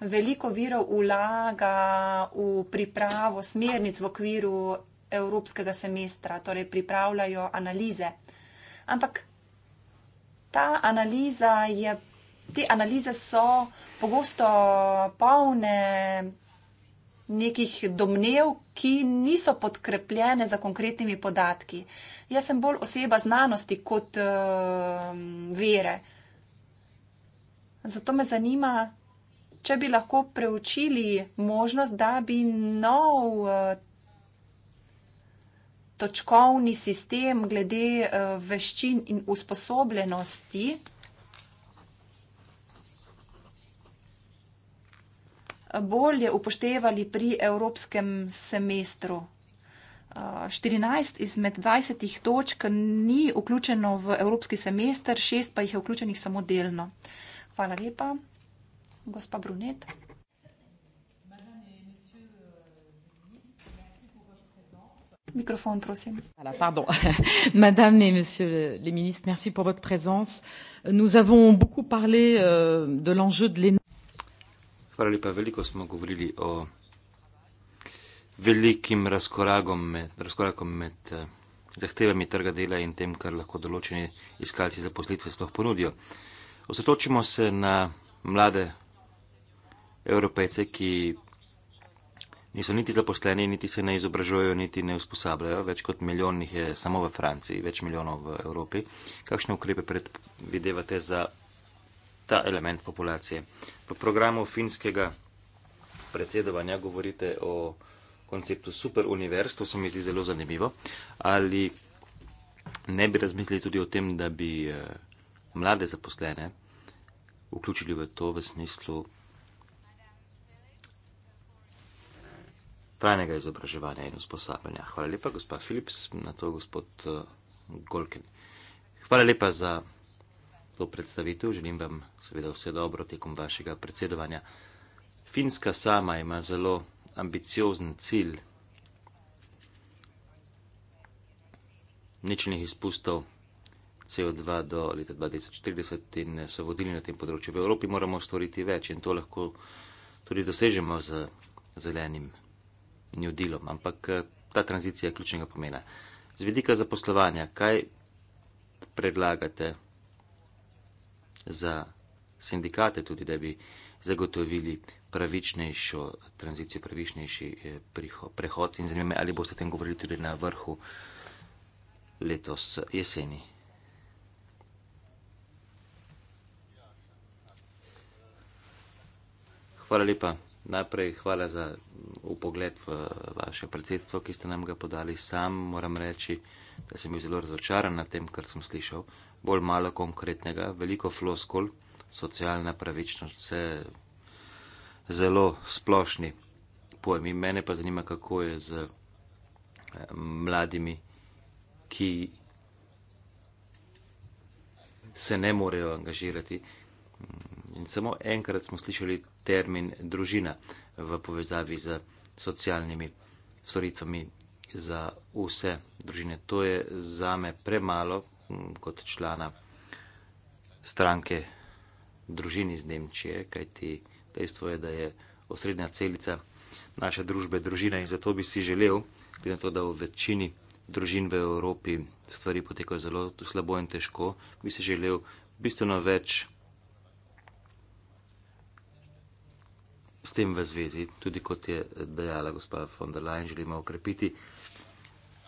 veliko virov vlaga v pripravo smernic v okviru evropskega semestra, torej pripravljajo analize. Ampak ta analiza je te analize so pogosto polne nekih domnev, ki niso podkrepljene za konkretnimi podatki. Jaz sem bolj oseba znanosti kot uh, vere. Zato me zanima, če bi lahko preučili možnost, da bi nov uh, točkovni sistem glede uh, veščin in usposobljenosti bolje upoštevali pri evropskem semestru. 14 eh, izmed 20 točk ni vključeno v evropski semester, 6 pa jih je vključenih samo delno. Hvala lepa, gospa Brunet. Mikrofon, prosim. Hvala, pardon. Madame et monsieur les ministres, merci pour votre présence. Nous avons beaucoup parlé euh, de l'enjeu de l'énergie. Hvala lepa. Veliko smo govorili o velikim razkorakom med, razkorakom med eh, zahtevami trga dela in tem, kar lahko določeni iskalci zaposlitve sploh ponudijo. Osredotočimo se na mlade evropejce, ki niso niti zaposleni, niti se ne izobražujejo, niti ne usposabljajo. Več kot milijon jih je samo v Franciji, več milijonov v Evropi. Kakšne ukrepe predvidevate za ta element populacije. V programu finskega predsedovanja govorite o konceptu super univerz, to se mi zdi zelo zanimivo. Ali ne bi razmislili tudi o tem, da bi eh, mlade zaposlene vključili v to v smislu trajnega izobraževanja in usposabljanja? Hvala lepa, gospa Philips, na to gospod eh, Golken. Hvala lepa za to predstavitev. Želim vam seveda vse dobro tekom vašega predsedovanja. Finska sama ima zelo ambiciozen cilj ničnih izpustov CO2 do leta 2040 in so vodili na tem področju. V Evropi moramo stvoriti več in to lahko tudi dosežemo z zelenim New Dealom, ampak ta tranzicija je ključnega pomena. Z vidika zaposlovanja, kaj predlagate za sindikate, tudi da bi zagotovili pravičnejšo tranzicijo, pravičnejši eh, prehod. In zanima me, ali boste o tem govorili tudi na vrhu letos jeseni. Hvala lepa. Najprej hvala za upogled mm, v vaše predsedstvo, ki ste nam ga podali. Sam moram reči, da sem bil zelo razočaran na tem, kar sem slišal bolj malo konkretnega, veliko floskol, socialna pravičnost, vse zelo splošni pojmi. Mene pa zanima, kako je z eh, mladimi, ki se ne morejo angažirati. In samo enkrat smo slišali termin družina v povezavi z socialnimi storitvami za vse družine. To je zame premalo, kot člana stranke družin iz Nemčije, kajti dejstvo je, da je osrednja celica naše družbe družina in zato bi si želel, glede na to, da v večini družin v Evropi stvari potekajo zelo slabo in težko, bi si želel bistveno več s tem v zvezi, tudi kot je dejala gospa von der Leyen, želimo okrepiti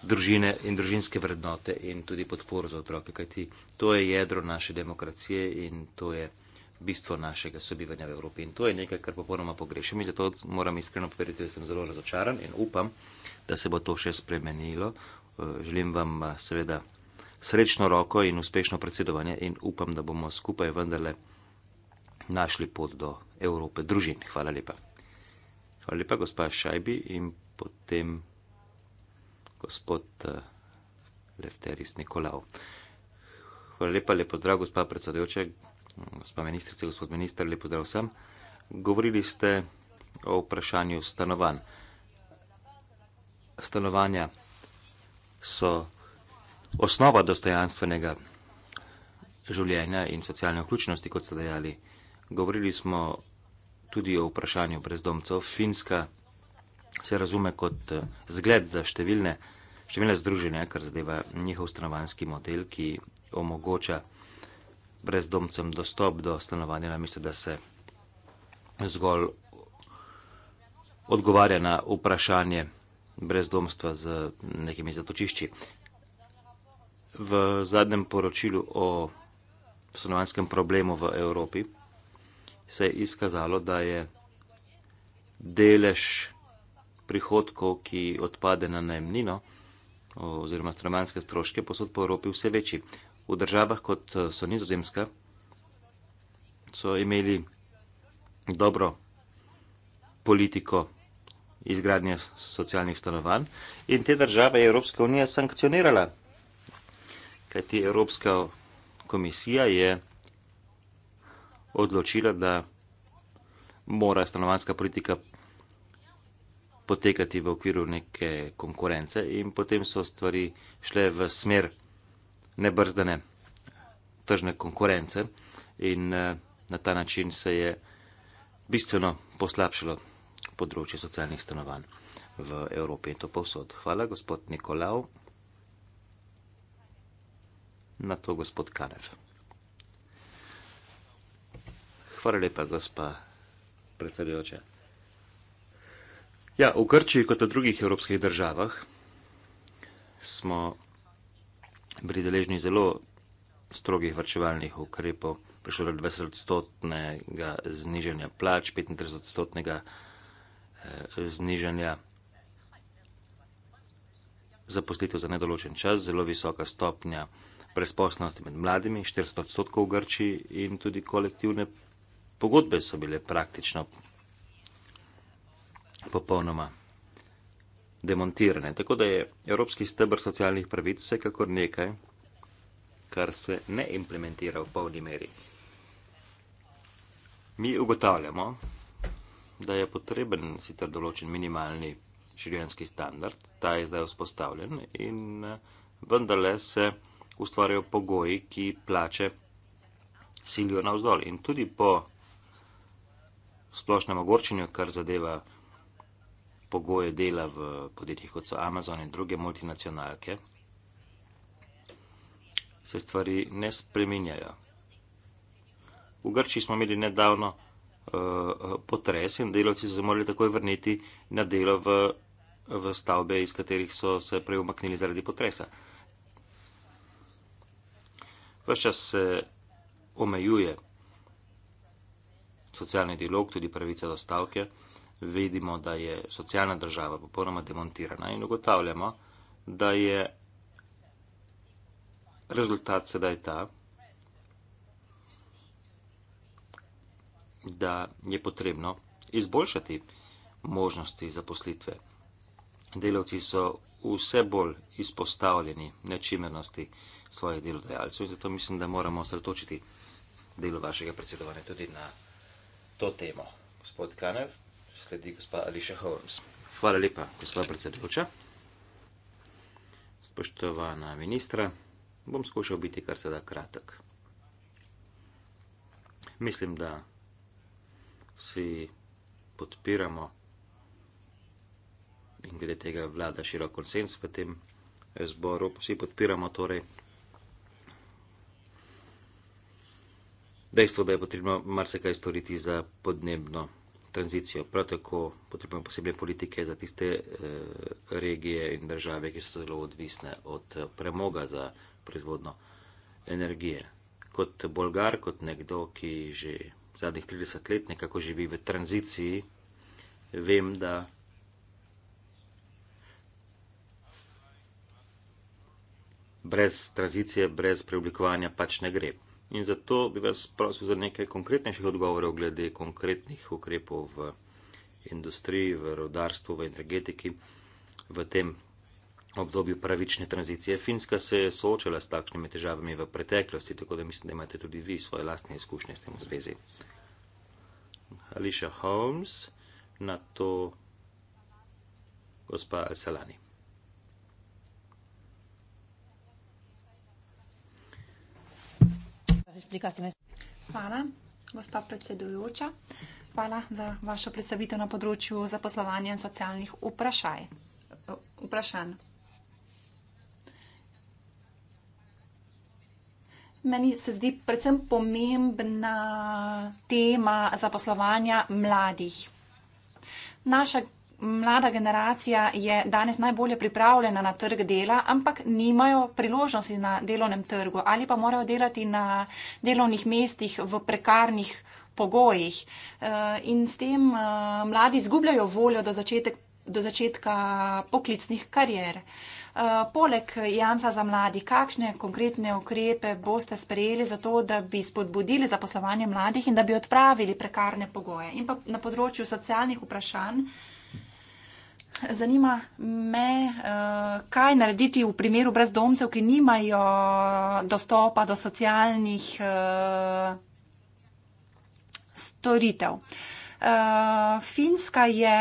družine in družinske vrednote in tudi podporo za otroke, kajti to je jedro naše demokracije in to je bistvo našega sobivanja v Evropi. In to je nekaj, kar popolnoma pogrešam in zato moram iskreno povedati, da sem zelo razočaran in upam, da se bo to še spremenilo. Eh, želim vam eh, seveda srečno roko in uspešno predsedovanje in upam, da bomo skupaj vendarle našli pot do Evrope družin. Hvala lepa. Hvala lepa, gospa Šajbi in potem gospod eh, Lefteris Nikolaov. Hvala lepa, lepo zdrav, gospa predsedujoča, gospa ministrica, gospod minister, lepo zdrav vsem. Govorili ste o vprašanju stanovanj. Stanovanja so osnova dostojanstvenega življenja in socialne vključnosti, kot ste dejali. Govorili smo tudi o vprašanju brezdomcev. Finska se razume kot eh, zgled za številne številne združenja, kar zadeva njihov stanovanski model, ki omogoča brezdomcem dostop do stanovanja, namesto da se zgolj odgovarja na vprašanje brezdomstva z nekimi zatočišči. V zadnjem poročilu o stanovanskem problemu v Evropi se je izkazalo, da je delež prihodkov, ki odpade na najemnino, oziroma stromanske stroške posod po Evropi vse večji. V državah kot eh, so nizozemska so imeli dobro politiko izgradnje socialnih stanovanj in te države je Evropska unija sankcionirala. Kajti Evropska komisija je odločila, da mora stanovanska politika potekati v okviru neke konkurence in potem so stvari šle v smer nebrzdane tržne konkurence in eh, na ta način se je bistveno poslabšalo področje socialnih stanovanj v Evropi in to povsod. Hvala, gospod Nikolao. Na to gospod Kanev. Hvala lepa, gospa predsedujoča. Ja, v Grčiji, kot v drugih evropskih državah, smo bili deležni zelo strogih vrčevalnih ukrepov. Prišlo je do 20-odstotnega znižanja plač, 35-odstotnega eh, znižanja zaposlitev za nedoločen čas, zelo visoka stopnja brezposlenosti med mladimi, 40 odstotkov v Grčiji in tudi kolektivne pogodbe so bile praktično popolnoma demontirane. Tako da je evropski stebr socialnih pravic vsekakor nekaj, kar se ne implementira v polni meri. Mi ugotavljamo, da je potreben sicer določen minimalni življenjski standard, ta je zdaj vzpostavljen in eh, vendarle se ustvarjajo pogoji, ki plače silijo navzdol. In tudi po splošnem ogorčenju, kar zadeva pogoje dela v podjetjih kot so Amazon in druge multinacionalke, se stvari ne spreminjajo. V Grčiji smo imeli nedavno uh, potres in delavci so se morali takoj vrniti na delo v, v stavbe, iz katerih so se prej umaknili zaradi potresa. Ves čas se omejuje socialni dialog, tudi pravica do stavke vidimo, da je socialna država popolnoma demontirana in ugotavljamo, da je rezultat sedaj ta, da je potrebno izboljšati možnosti zaposlitve. Delavci so vse bolj izpostavljeni nečimernosti svojih delodajalcev in zato mislim, da moramo osredotočiti delo vašega predsedovanja tudi na to temo. Gospod Kanev sledi gospa Ališa Holmes. Hvala lepa, gospa predsedujoča. Spoštovana ministra, bom skušal biti kar se da kratek. Mislim, da vsi podpiramo in glede tega vlada širok konsens v tem zboru, vsi podpiramo torej dejstvo, da je potrebno marsikaj storiti za podnebno tranzicijo. Prav tako potrebujemo posebne politike za tiste eh, regije in države, ki so zelo odvisne od eh, premoga za proizvodno energije. Kot Bolgar, kot nekdo, ki že zadnjih 30 let nekako živi v tranziciji, vem, da. Brez tranzicije, brez preoblikovanja pač ne gre. In zato bi vas prosil za nekaj konkretnejših odgovorov glede konkretnih ukrepov v industriji, v rodarstvu, v energetiki v tem obdobju pravične tranzicije. Finska se je soočala s takšnimi težavami v preteklosti, tako da mislim, da imate tudi vi svoje lastne izkušnje s tem v zvezi. Alicia Holmes, na to gospa Salani. explicaciones. Hvala, gospa predsedujoča. Hvala za vašo predstavitev na področju zaposlovanja in socialnih vprašaj. Vprašanj. Meni se zdi predvsem pomembna tema zaposlovanja mladih. Naša mlada generacija je danes najbolje pripravljena na trg dela, ampak nimajo priložnosti na delovnem trgu ali pa morajo delati na delovnih mestih v prekarnih pogojih. Eh, in s tem eh, mladi izgubljajo voljo do, začetek, do začetka poklicnih karier. Eh, poleg jamca za mladi, kakšne konkretne ukrepe boste sprejeli za to, da bi spodbudili zaposlovanje mladih in da bi odpravili prekarne pogoje? In pa na področju socialnih vprašanj. Zanima me, eh, kaj narediti v primeru brezdomcev, ki nimajo dostopa do socialnih eh, storitev. Eh, Finska je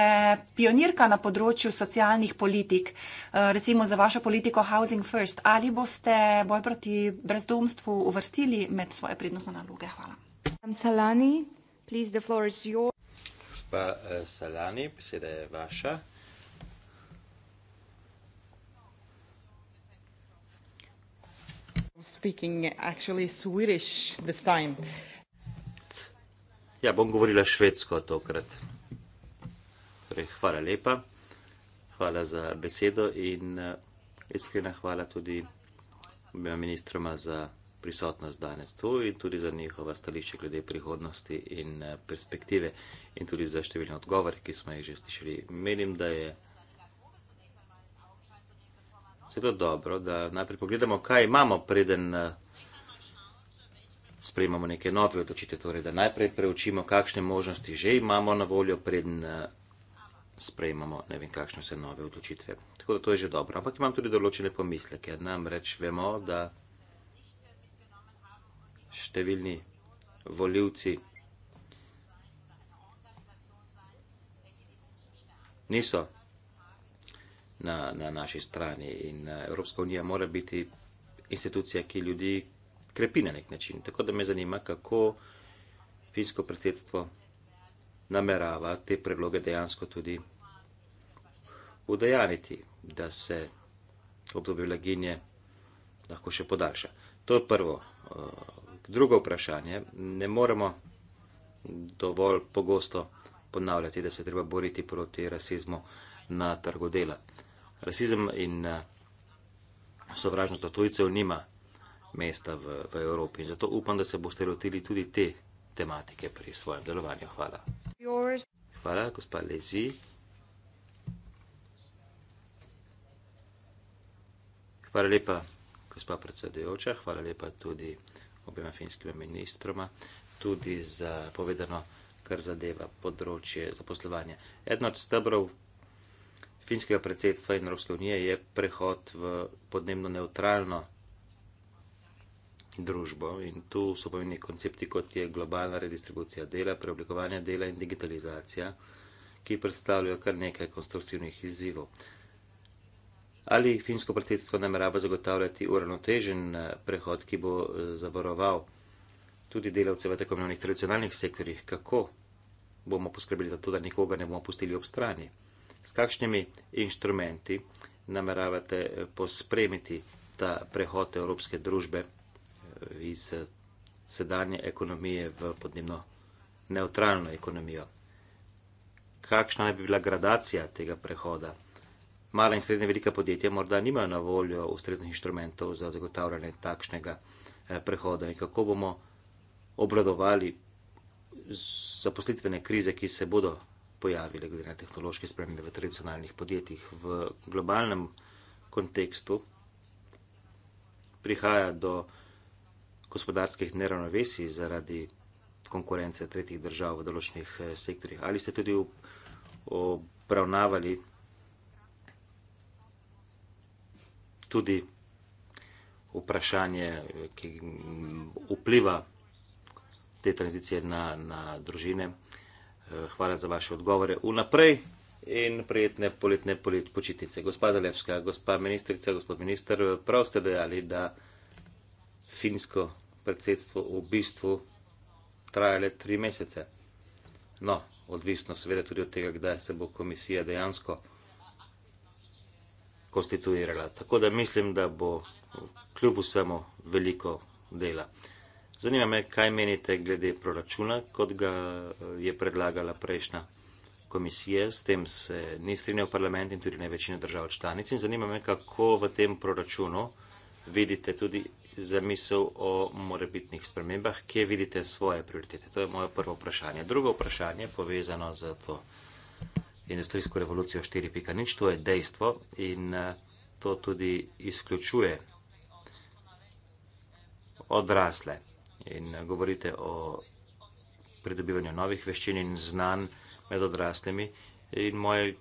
pionirka na področju socialnih politik, recimo za vašo politiko Housing First. Ali boste boj proti brezdomstvu uvrstili med svoje prednostne naloge? Hvala. Salani, besede je vaša. speaking actually Swedish this time. Ja, bom govorila švedsko tokrat. Torej, hvala lepa, hvala za besedo in eh, iskrena hvala tudi obima ministroma za prisotnost danes tu in tudi za njihova stališča glede prihodnosti in eh, perspektive in tudi za številne odgovore, ki smo jih že slišali. Menim, da je zelo dobro, da najprej pogledamo, kaj imamo, preden eh, sprejmemo neke nove odločitve. Torej, da najprej preučimo, kakšne možnosti že imamo na voljo, preden eh, sprejmemo ne vem, kakšne vse nove odločitve. Tako da to je že dobro. Ampak imam tudi določene pomisleke. Namreč vemo, da številni voljivci. Niso na, na naši strani. In eh, Evropska unija mora biti institucija, ki ljudi krepi na nek način. Tako da me zanima, kako finsko predsedstvo namerava te predloge dejansko tudi udejaniti, da se obdobje blaginje lahko še podaljša. To je prvo. Eh, drugo vprašanje. Ne moremo dovolj pogosto ponavljati, da se treba boriti proti rasizmu na trgu dela rasizem in eh, sovražnost do tujcev nima mesta v, v Evropi. In zato upam, da se boste lotili tudi te tematike pri svojem delovanju. Hvala. Hvala, gospa Lezi. Hvala lepa, gospa predsedujoča. Hvala lepa tudi obema finskima ministroma, tudi za povedano, kar zadeva področje zaposlovanja. Edno od stebrov finskega predsedstva in Evropske unije je prehod v podnebno neutralno družbo in tu so pomeni koncepti, kot je globalna redistribucija dela, preoblikovanje dela in digitalizacija, ki predstavljajo kar nekaj konstruktivnih izzivov. Ali finsko predsedstvo namerava zagotavljati uravnotežen eh, prehod, ki bo eh, zavaroval tudi delavce v tako imenovanih tradicionalnih sektorjih, kako bomo poskrbeli za to, da nikoga ne bomo pustili ob strani? s kakšnimi inštrumenti nameravate eh, pospremiti ta prehod evropske družbe eh, iz eh, sedanje ekonomije v podnebno neutralno ekonomijo? Kakšna naj bi bila gradacija tega prehoda? Mala in srednja velika podjetja morda nimajo na voljo ustreznih inštrumentov za zagotavljanje takšnega prehoda in kako bomo obladovali zaposlitvene krize, ki se bodo pojavile, glede na tehnološke spremembe v tradicionalnih podjetjih. V globalnem kontekstu prihaja do gospodarskih neravnovesij zaradi konkurence tretjih držav v določenih eh, sektorjih. Ali ste tudi obravnavali tudi vprašanje, eh, ki vpliva te tranzicije na, na družine? Eh, hvala za vaše odgovore vnaprej in prijetne poletne polet, počitnice. Gospa Zalepska, gospa ministrica, gospod minister, prav ste dejali, da finsko predsedstvo v bistvu traja le tri mesece. No, odvisno seveda tudi od tega, kdaj se bo komisija dejansko konstituirala. Tako da mislim, da bo kljub vsemu veliko dela. Zanima me, kaj menite glede proračuna, kot ga eh, je predlagala prejšnja komisija. S tem se ni strinjal parlament in tudi ne večina držav članic. In zanima me, kako v tem proračunu vidite tudi zamisel o morebitnih spremembah, kje vidite svoje prioritete. To je moje prvo vprašanje. Drugo vprašanje povezano z to industrijsko revolucijo 4.0, to je dejstvo in eh, to tudi izključuje odrasle in eh, govorite o pridobivanju novih veščin in znanj med odraslimi. In moje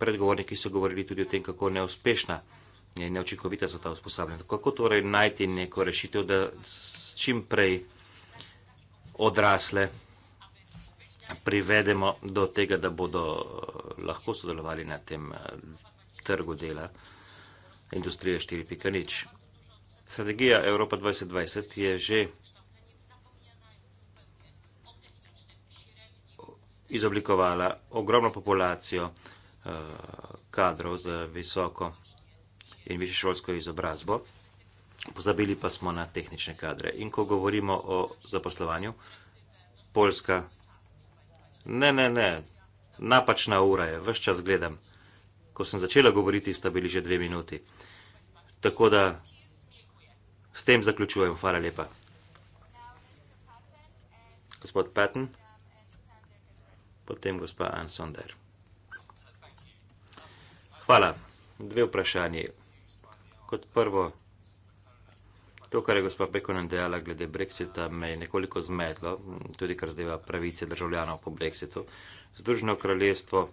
predgovorniki so govorili tudi o tem, kako neuspešna in neučinkovita so ta usposabljanja. Kako torej najti neko rešitev, da čim prej odrasle privedemo do tega, da bodo eh, lahko sodelovali na tem eh, trgu dela industrije 4.0. Strategija Evropa 2020 je že izoblikovala ogromno populacijo eh, kadrov za visoko in višješolsko izobrazbo, pozabili pa smo na tehnične kadre. In ko govorimo o zaposlovanju, Poljska, ne, ne, ne, napačna ura je, vse čas gledam. Ko sem začela govoriti, sta bili že dve minuti. Tako da S tem zaključujem. Hvala lepa. Gospod Patton, potem gospa Ann Sonder. Hvala. Dve vprašanje. Kot prvo, to, kar je gospa Pekonen dejala glede Brexita, me je nekoliko zmedlo, tudi kar zdaj pravice državljanov po Brexitu. Združeno kraljestvo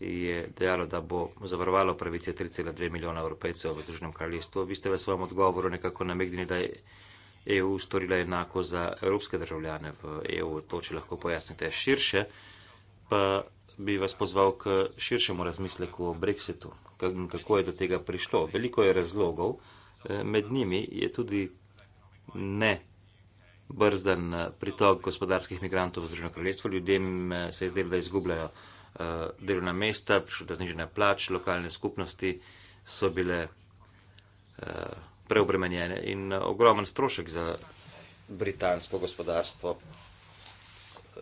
je dejalo, da bo zavarovalo pravice 3,2 milijona evropejcev v Združenem kraljestvu. Vi ste v svojem odgovoru nekako namignili, da je EU storila enako za evropske državljane v EU. To, če lahko pojasnite širše, pa bi vas pozval k širšemu razmisleku o brexitu. Kako je do tega prišlo? Veliko je razlogov, e, med njimi je tudi ne brzdan pritok gospodarskih migrantov v Združeno kraljestvo. Ljudem e, se je zdelo, da izgubljajo uh, delovna mesta, prišlo do znižene plač, lokalne skupnosti so bile uh, preobremenjene in uh, ogromen strošek za britansko gospodarstvo uh,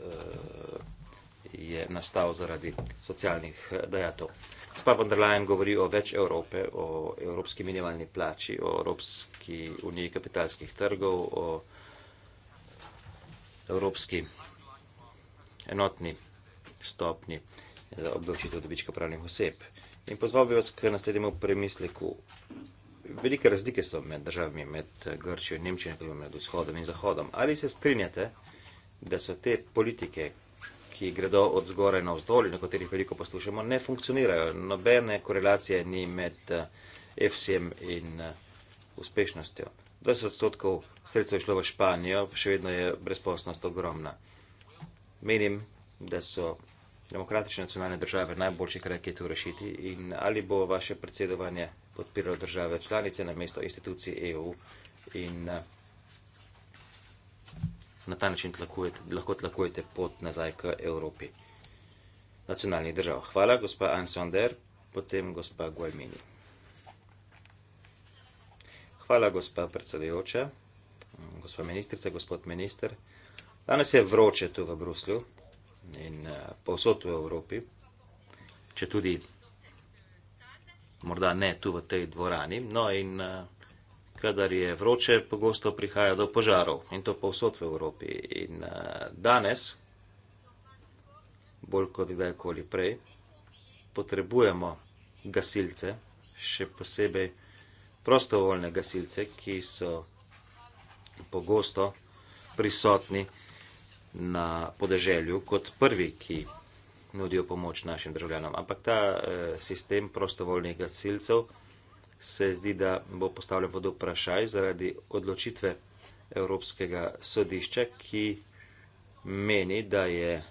je nastal zaradi socialnih dajatov. Gospa von der Leyen govori o več Evrope, o evropski minimalni plači, o Evropski uniji kapitalskih trgov, o evropski enotni stopni za obdavčitev dobička pravnih oseb. In pozval bi vas k naslednjemu premisleku. Velike razlike so med državami, med eh, Grčijo in Nemčijo, nekaj med vzhodom in zahodom. Ali se strinjate, da so te politike, ki gredo od zgore na vzdolj, na katerih veliko poslušamo, ne funkcionirajo? Nobene korelacije ni med eh, FCM in eh, uspešnostjo. 20 odstotkov sredstva je šlo v Španijo, še vedno je brezposobnost ogromna. Menim, da so demokratične nacionalne države najboljši kraj, ki je tu rešiti in ali bo vaše predsedovanje podpiralo države članice na mesto institucij EU in eh, na ta način tlakujete, lahko tlakujete pot nazaj k Evropi nacionalnih držav. Hvala, gospa Anne Sonder, potem gospa Guelmini. Hvala, gospa predsedujoča, gospa ministrica, gospod minister. Danes je vroče tu v Bruslju in uh, eh, posod v Evropi, če tudi morda ne tu v tej dvorani. No in uh, kadar je vroče, pogosto prihaja do požarov in to posod v Evropi. In uh, danes, bolj kot kdajkoli prej, potrebujemo gasilce, še posebej prostovoljne gasilce, ki so pogosto prisotni na podeželju kot prvi, ki nudijo pomoč našim državljanom. Ampak ta eh, sistem prostovoljnih gasilcev se zdi, da bo postavljen pod vprašaj zaradi odločitve Evropskega sodišča, ki meni, da je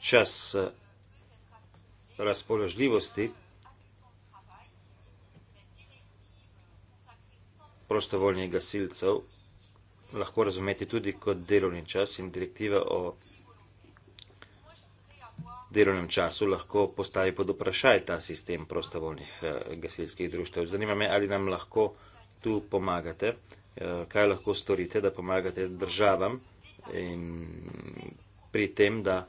čas eh, razpoložljivosti prostovoljnih gasilcev lahko razumeti tudi kot delovni čas in direktiva o delovnem času lahko postavi pod vprašaj ta sistem prostovoljnih eh, gasilskih društev. Zanima me, ali nam lahko tu pomagate, eh, kaj lahko storite, da pomagate državam in pri tem, da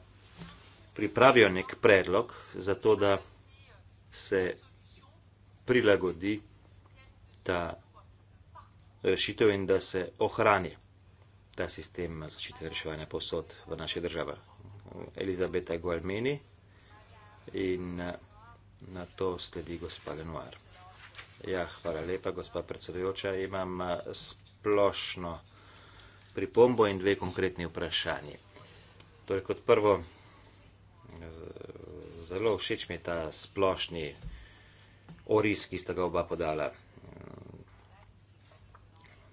pripravijo nek predlog za to, da se prilagodi ta rešitev in da se ohrani ta sistem zaščite in reševanja posod v naši državi. Elizabeta Gualmini in eh, na to sledi gospa Lenoir. Ja, hvala lepa, gospa predsedujoča. Imam eh, splošno pripombo in dve konkretni vprašanji. Torej, kot prvo, zelo všeč mi je ta splošni oris, ki sta ga oba podala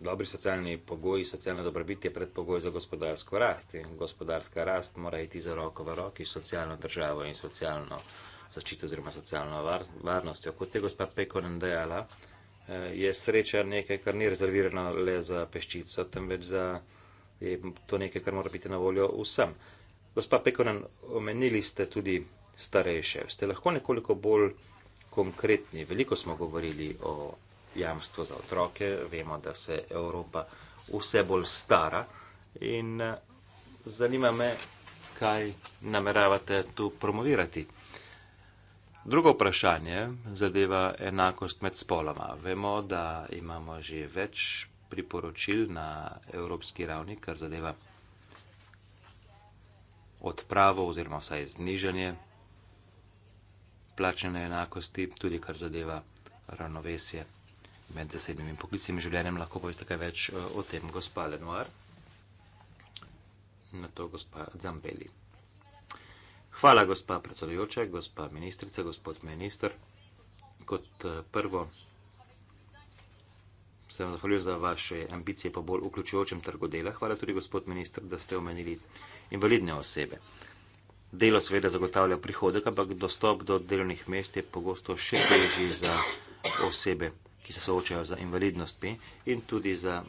dobri socialni pogoji, socialno dobrobit je predpogoj za gospodarsko rast. In gospodarska rast mora iti za roko v roki s socialno državo in socialno zaščito oziroma socialno var varnostjo. Kot je gospa Pekonen dejala, eh, je sreča nekaj, kar ni rezervirano le za peščico, temveč za, je to nekaj, kar mora biti na voljo vsem. Gospa Pekonen, omenili ste tudi starejše. Ste lahko nekoliko bolj konkretni? Veliko smo govorili o jamstvo za otroke, vemo, da se Evropa vse bolj stara. In eh, zanima me, kaj nameravate tu promovirati. Drugo vprašanje zadeva enakost med spoloma. Vemo, da imamo že več priporočil na evropski ravni, kar zadeva odpravo oziroma vsaj znižanje plačene enakosti, tudi kar zadeva ravnovesje med zasebnimi poklicnimi življenjem, lahko poveste kaj več eh, o tem, gospa Lenoir. Na to gospa Zambeli. Hvala, gospa predsedujoča, gospa ministrica, gospod minister. Kot eh, prvo sem zahvaljujem za vaše ambicije po bolj vključujočem trgu dela. Hvala tudi, gospod minister, da ste omenili invalidne osebe. Delo seveda zagotavlja prihodek, ampak dostop do delovnih mest je pogosto še težji za osebe ki se soočajo z invalidnostmi in tudi za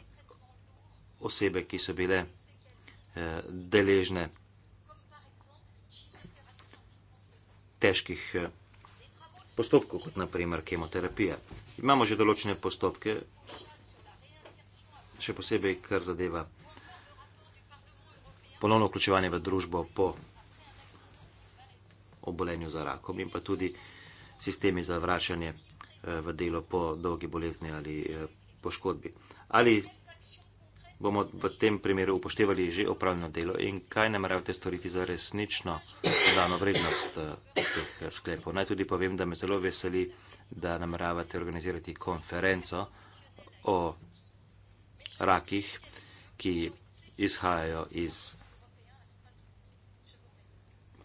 osebe, ki so bile eh, deležne težkih eh, postopkov, kot naprimer kemoterapija. Imamo že določene postopke, še posebej, kar zadeva ponovno vključevanje v družbo po obolenju za rakom in pa tudi sistemi za vračanje Eh, v delo po dolgi bolezni ali eh, poškodbi. Ali bomo v tem primeru upoštevali že opravljeno delo in kaj nameravate storiti za resnično dano vrednost eh, teh sklepov. Naj tudi povem, da me zelo veseli, da nameravate organizirati konferenco o rakih, ki izhajajo iz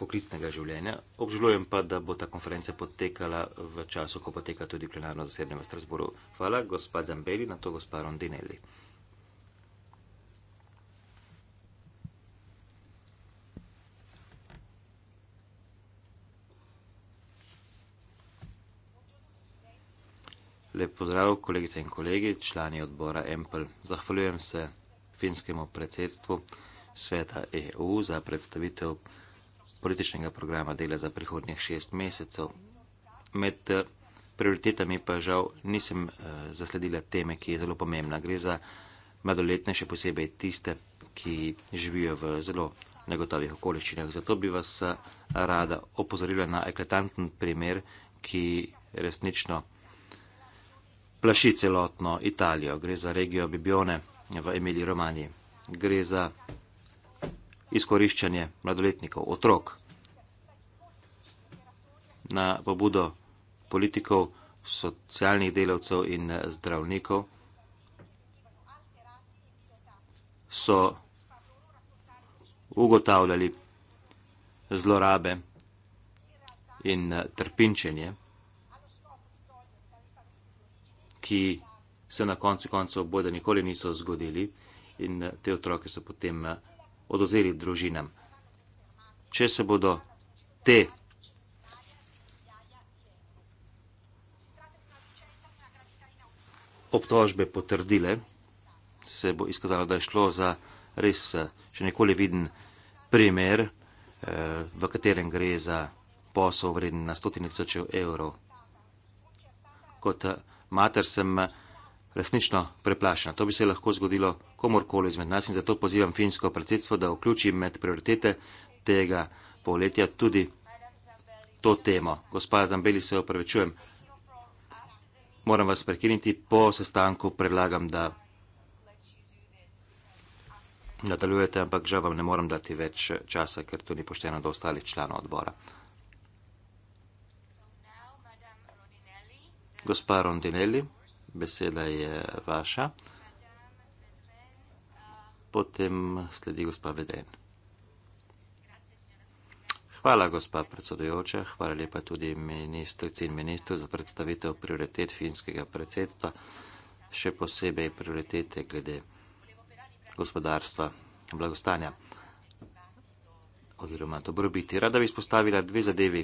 poklicnega življenja. Obžalujem pa, da bo ta konferenca potekala v času, ko poteka tudi plenarno zasebno v Strasburu. Hvala, gospod Zambeli, na to gospod Rondinelli. Lep pozdrav, kolegice in kolegi, člani odbora Empel. Zahvaljujem se finskemu predsedstvu sveta EU za predstavitev političnega programa dela za prihodnjih šest mesecev. Med eh, prioritetami pa žal nisem eh, zasledila teme, ki je zelo pomembna. Gre za mladoletne, še posebej tiste, ki živijo v zelo negotovih okoliščinah. Zato bi vas eh, rada opozorila na eklatanten primer, ki resnično plaši celotno Italijo. Gre za regijo Bibione v Emiliji Romaniji. Gre za izkoriščanje mladoletnikov, otrok. Na pobudo politikov, socialnih delavcev in eh, zdravnikov so ugotavljali zlorabe in eh, trpinčenje, ki se na koncu koncev bodo nikoli niso zgodili in eh, te otroke so potem odozeli družinam. Če se bodo te obtožbe potrdile, se bo izkazalo, da je šlo za res eh, še nekoli viden primer, eh, v katerem gre za posel vreden na stotine tisočev evrov. Kot eh, mater sem vsega, resnično preplašena. To bi se lahko zgodilo komorkoli izmed nas in zato pozivam finsko predsedstvo, da vključi med prioritete tega poletja tudi to temo. Gospa Zambeli, se opravičujem, moram vas prekiniti. Po sestanku predlagam, da nadaljujete, ampak žal vam ne morem dati več časa, ker to ni pošteno do ostalih članov odbora. Gospa Rondinelli beseda je vaša. Potem sledi gospa Veden. Hvala, gospa predsedujoča, hvala lepa tudi ministrici in ministru za predstavitev prioritet finskega predsedstva, še posebej prioritete glede gospodarstva in blagostanja oziroma dobrobiti. Rada bi izpostavila dve zadevi,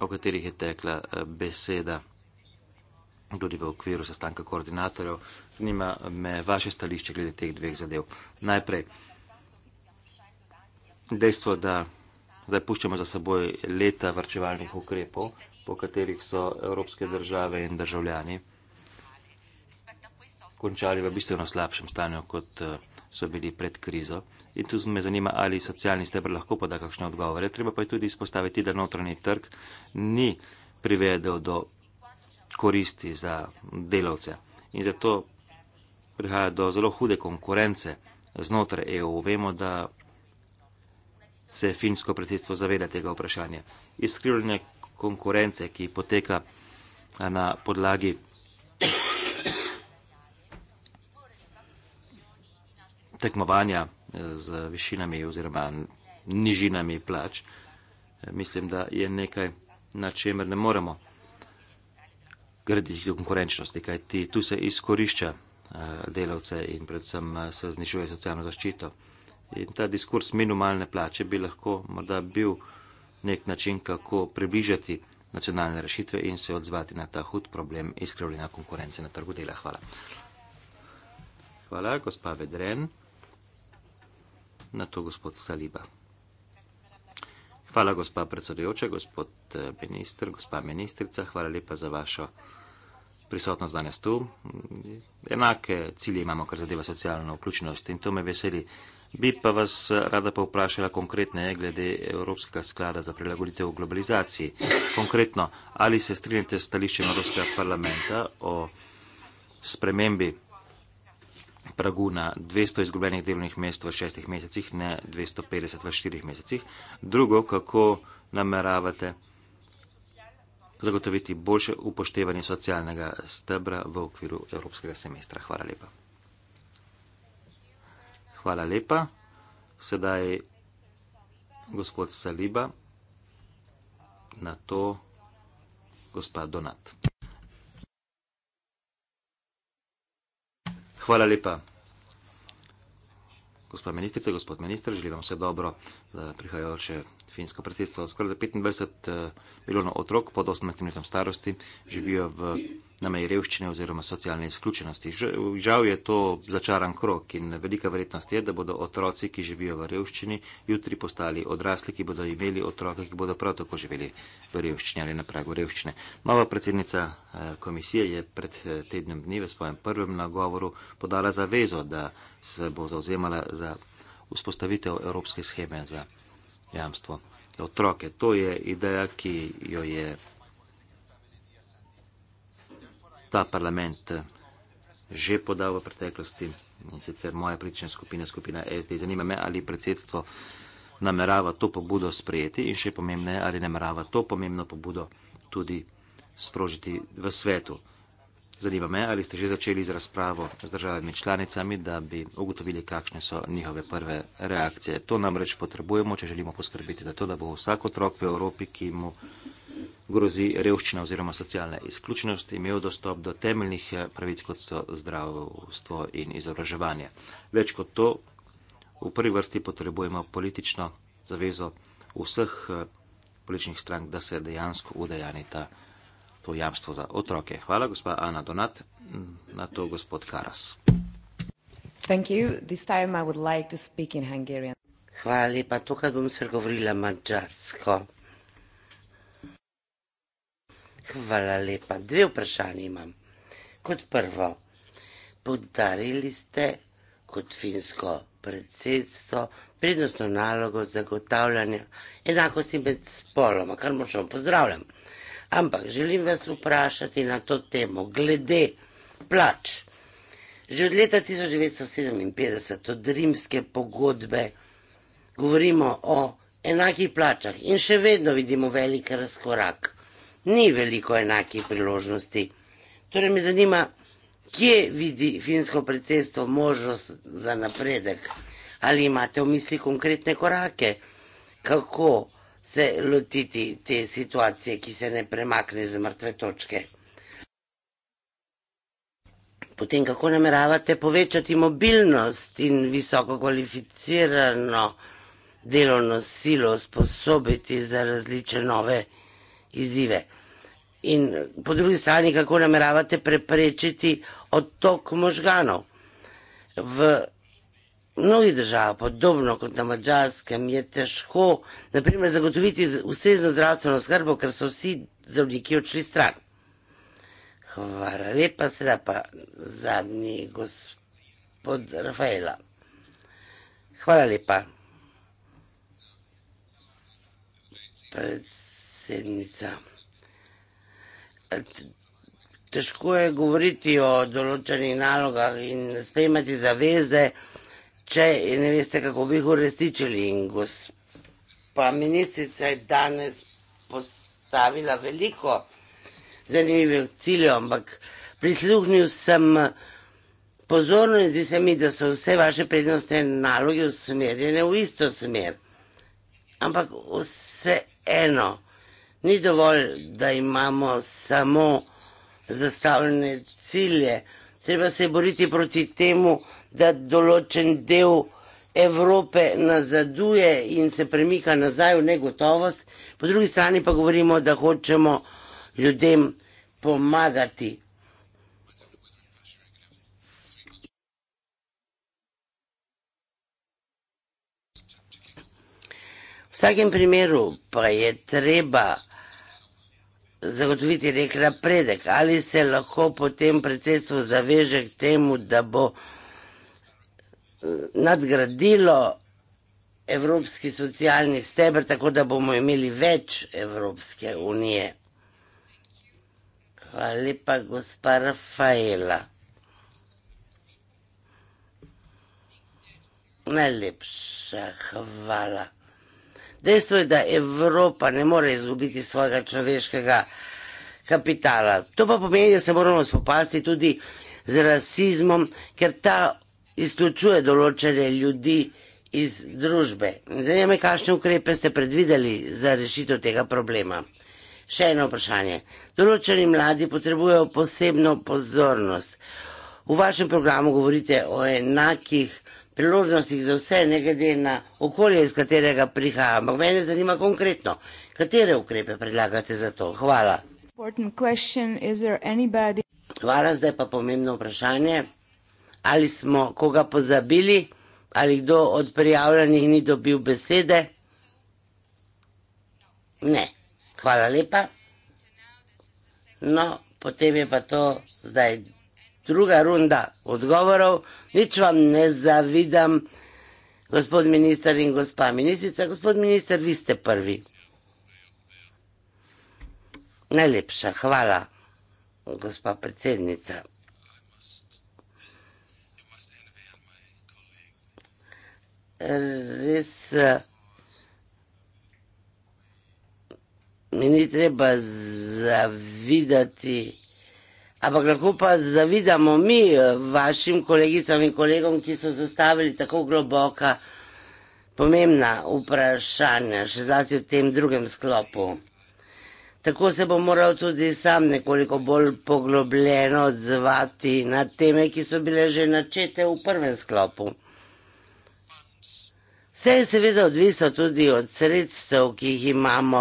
o katerih je tekla eh, beseda tudi v okviru sestanka koordinatorjev. Zanima me vaše stališče glede teh dveh zadev. Najprej dejstvo, da zdaj puščamo za seboj leta vrčevalnih ukrepov, po katerih so evropske države in državljani končali v bistveno slabšem stanju, kot eh, so bili pred krizo. In tu me zanima, ali socialni stebr lahko poda kakšne odgovore. Treba pa je tudi izpostaviti, da notranji trg ni privedel do koristi za delavce. In zato prihaja do zelo hude konkurence znotraj EU. Vemo, da se finsko predsedstvo zaveda tega vprašanja. Izkrivljanje konkurence, ki poteka na podlagi tekmovanja eh, z višinami oziroma nižinami plač, eh, mislim, da je nekaj, na čemer ne moremo grdih konkurenčnosti, kajti tu se izkorišča eh, delavce in predvsem eh, se znižuje socialno zaščito. In ta diskurs minimalne plače bi lahko morda bil nek način, kako približati nacionalne rešitve in se odzvati na ta hud problem izkrivljena konkurence na trgu dela. Hvala. Hvala, gospa Vedren. Na to gospod Saliba. Hvala, gospa predsedujoča, gospod eh, ministr, gospa ministrica, hvala lepa za vašo prisotnost danes tu. Enake cilje imamo, kar zadeva socialno vključnost in to me veseli. Bi pa vas eh, rada pa vprašala konkretne glede Evropskega sklada za prilagoditev globalizaciji. Konkretno, ali se strinjate s stališčem Evropskega parlamenta o spremembi pragu na 200 izgubljenih delovnih mest v šestih mesecih, ne 250 v štirih mesecih. Drugo, kako nameravate zagotoviti boljše upoštevanje socialnega stebra v okviru evropskega semestra. Hvala lepa. Hvala lepa. Sedaj gospod Saliba, na to gospod Donat. Hvala lepa. Gospod ministrice, gospod minister, želim vam vse dobro za prihajajoče finsko predsedstvo. Skoraj 25 eh, milijonov otrok pod 18 letom starosti živijo v nameji revščine oziroma socialne izključenosti. Žal je to začaran krok in velika verjetnost je, da bodo otroci, ki živijo v revščini, jutri postali odrasli, ki bodo imeli otroke, ki bodo prav tako živeli v revščini ali na pragu revščine. Nova predsednica eh, komisije je pred eh, tednom dni v svojem prvem nagovoru podala zavezo, da se bo zauzemala za vzpostavitev evropske scheme za jamstvo. Otroke, to je ideja, ki jo je ta parlament že podal v preteklosti in sicer moja politična skupina, skupina SD. Zanima me, ali predsedstvo namerava to pobudo sprejeti in še pomembne, ali namerava to pomembno pobudo tudi sprožiti v svetu. Zanima me, ali ste že začeli z razpravo z državami članicami, da bi ugotovili, kakšne so njihove prve reakcije. To namreč potrebujemo, če želimo poskrbeti za to, da bo vsak otrok v Evropi, ki mu grozi revščina oziroma socialna izključnost, imel dostop do temeljnih eh, pravic, kot so zdravstvo in izobraževanje. Več kot to, v prvi vrsti potrebujemo politično zavezo vseh eh, političnih strank, da se dejansko udejani ta to jamstvo za otroke. Hvala, gospa Ana Donat, na to gospod Karas. Hvala lepa, tokrat bom spregovorila mačarsko. Hvala lepa, dve vprašanje imam. Kot prvo, poddarili ste kot finsko predsedstvo prednostno nalogo zagotavljanja enakosti med spoloma, kar močno pozdravljam. Ampak želim vas vprašati na to temo, glede plač. Že od leta 1957, od rimske pogodbe, govorimo o enakih plačah in še vedno vidimo velik razkorak. Ni veliko enakih priložnosti. Torej me zanima, kje vidi finsko predsedstvo možnost za napredek? Ali imate v misli konkretne korake? Kako se lotiti te situacije, ki se ne premakne z mrtve točke. Potem, kako nameravate povečati mobilnost in visoko kvalificirano delovno silo, sposobiti za različne nove izzive? In po drugi strani, kako nameravate preprečiti odtok možganov v mnogih držav, podobno kot na Mačarskem, je težko naprimer, zagotoviti ustrezno zdravstveno skrbo, ker so vsi zdravniki odšli stran. Hvala lepa, sedaj pa zadnji gospod Rafaela. Hvala lepa. Predsednica. E, težko je govoriti o določenih nalogah in sprejemati zaveze če ne veste, kako bi jih uresničili. In gospa ministrica je danes postavila veliko zanimivih ciljev, ampak prisluhnil sem pozorno in zdi se mi, da so vse vaše prednostne naloge usmerjene v isto smer. Ampak vse eno, ni dovolj, da imamo samo zastavljene cilje. Treba se boriti proti temu, da določen del Evrope nazaduje in se premika nazaj v negotovost, po drugi strani pa govorimo, da hočemo ljudem pomagati. V vsakem primeru pa je treba zagotoviti nek napredek, ali se lahko potem predsedstvo zaveže k temu, da bo nadgradilo evropski socialni stebr, tako da bomo imeli več Evropske unije. Hvala lepa, gospa Rafaela. Najlepša hvala. Dejstvo je, da Evropa ne more izgubiti svojega človeškega kapitala. To pa pomeni, da se moramo spopasti tudi z rasizmom, ker ta izključuje določene ljudi iz družbe. Zanima me, kakšne ukrepe ste predvideli za rešitev tega problema. Še eno vprašanje. Določeni mladi potrebujejo posebno pozornost. V vašem programu govorite o enakih priložnostih za vse, ne glede na okolje, iz katerega prihaja. Ampak mene zanima konkretno, katere ukrepe predlagate za to. Hvala. Hvala, zdaj pa pomembno vprašanje ali smo koga pozabili, ali kdo od prijavljenih ni dobil besede. Ne, hvala lepa. No, potem je pa to zdaj druga runda odgovorov. Nič vam ne zavidam, gospod minister in gospa ministrica. Gospod minister, vi ste prvi. Najlepša hvala, gospa predsednica. res eh, mi ni treba zavidati, ampak lahko pa zavidamo mi eh, vašim kolegicam in kolegom, ki so zastavili tako globoka, pomembna vprašanja, še zlasti v tem drugem sklopu. Tako se bo moral tudi sam nekoliko bolj poglobljeno odzvati na teme, ki so bile že načete v prvem sklopu. Vse je seveda odvisno tudi od sredstev, ki jih imamo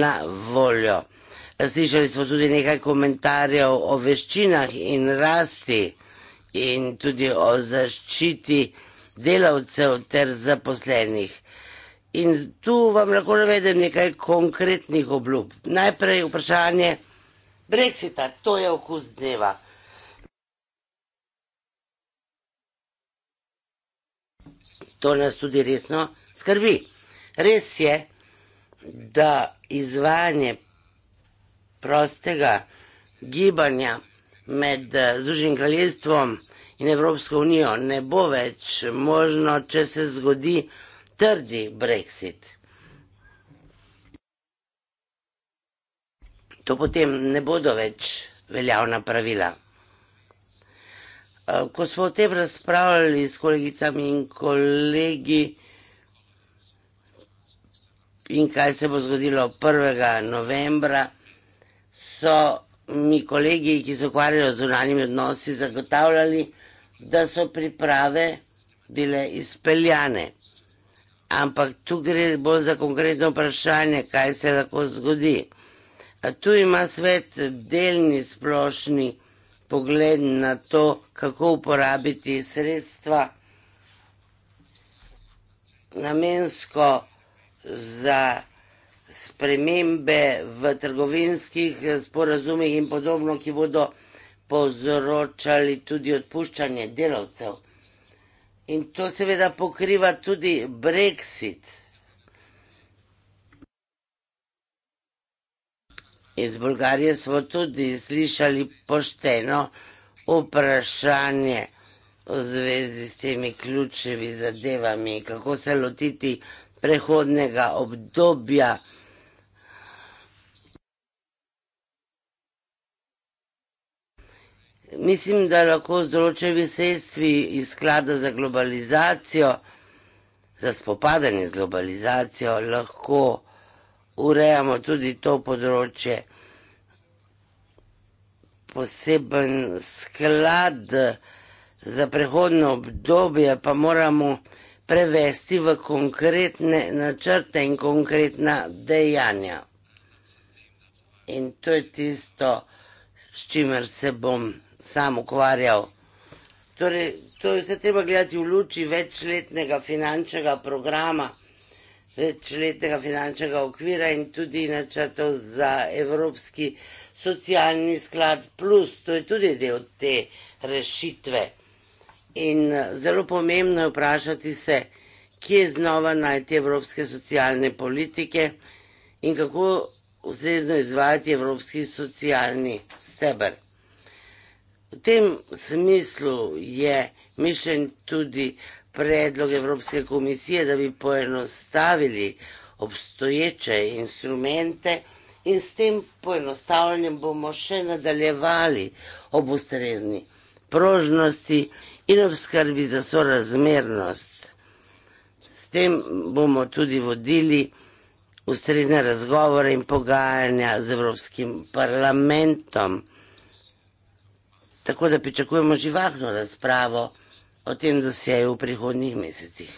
na voljo. Slišali smo tudi nekaj komentarjev o veščinah in rasti in tudi o zaščiti delavcev ter zaposlenih. In tu vam lahko navedem nekaj konkretnih obljub. Najprej vprašanje Brexita, to je okus dneva. to nas tudi resno skrbi. Res je, da izvajanje prostega gibanja med eh, Združenim kraljestvom in Evropsko unijo ne bo več možno, če se zgodi trdi brexit. To potem ne bodo več veljavna pravila. Eh, ko smo o tem razpravljali s kolegicami in kolegi, in kaj se bo zgodilo 1. novembra, so mi kolegi, ki se ukvarjajo z unanimi odnosi, zagotavljali, da so priprave bile izpeljane. Ampak tu gre bolj za konkretno vprašanje, kaj se lahko zgodi. Eh, tu ima svet delni, splošni pogled na to, kako uporabiti sredstva namensko za spremembe v trgovinskih sporazumih in podobno, ki bodo povzročali tudi odpuščanje delavcev. In to seveda pokriva tudi Brexit. Iz Bulgarije smo tudi slišali pošteno vprašanje v zvezi s temi ključevi zadevami, kako se lotiti prehodnega obdobja. Mislim, da lahko z določenimi sredstvi iz sklada za globalizacijo, za spopadanje z globalizacijo, lahko urejamo tudi to področje. Poseben sklad za prehodno obdobje pa moramo prevesti v konkretne načrte in konkretna dejanja. In to je tisto, s čimer se bom sam ukvarjal. Torej, to je vse treba gledati v luči večletnega finančnega programa večletnega finančnega okvira in tudi načrtov za Evropski socialni sklad. Plus, to je tudi del te rešitve. In zelo pomembno je vprašati se, kje je znova najti Evropske socialne politike in kako vsezno izvajati Evropski socialni steber. V tem smislu je mišljen tudi predlog Evropske komisije, da bi poenostavili obstoječe instrumente in s tem poenostavljanjem bomo še nadaljevali ob ustrezni prožnosti in ob skrbi za sorazmernost. S tem bomo tudi vodili ustrezne razgovore in pogajanja z Evropskim parlamentom. Tako da pričakujemo živahno razpravo o tem doseju v prihodnih mesecih.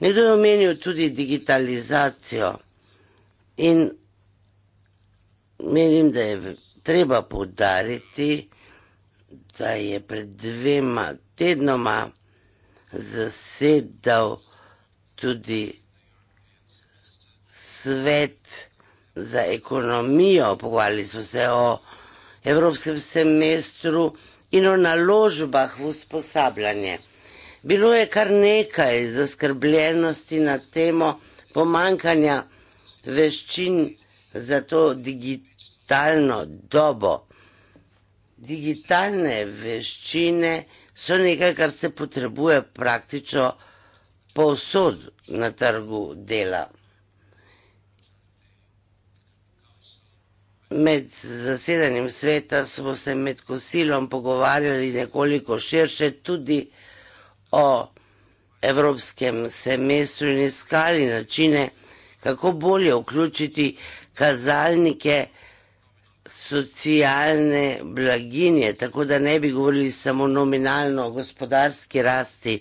Nekdo je omenil tudi digitalizacijo in menim, da je treba povdariti, da je pred dvema tednoma zasedal tudi svet za ekonomijo. Pogovarjali smo se o evropskem semestru, in o naložbah v usposabljanje. Bilo je kar nekaj zaskrbljenosti na temo pomankanja veščin za to digitalno dobo. Digitalne veščine so nekaj, kar se potrebuje praktično povsod na trgu dela. Med zasedanjem sveta smo se med kosilom pogovarjali nekoliko širše tudi o evropskem semestru in iskali načine, kako bolje vključiti kazalnike socialne blaginje, tako da ne bi govorili samo nominalno o gospodarski rasti,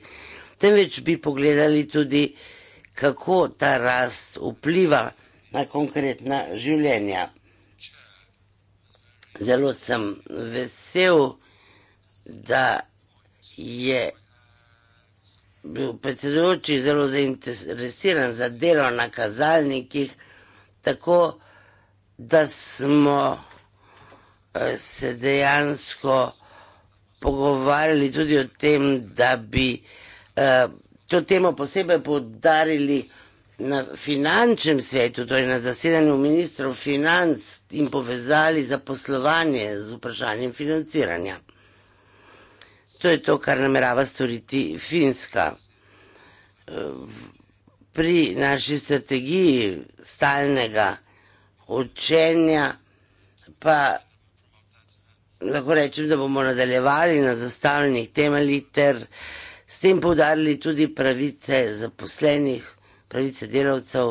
temveč bi pogledali tudi, kako ta rast vpliva na konkretna življenja zelo sem vesel, da je bil predsedujoči zelo zainteresiran za delo na kazalnikih, tako da smo eh, se dejansko pogovarjali tudi o tem, da bi eh, to temo posebej podarili na finančnem svetu, torej na zasedanju ministrov financ in povezali za poslovanje z vprašanjem financiranja. To je to, kar namerava storiti Finska. Pri naši strategiji stalnega učenja pa lahko rečem, da bomo nadaljevali na zastavljenih temeljih ter s tem povdarili tudi pravice zaposlenih pravice delavcev.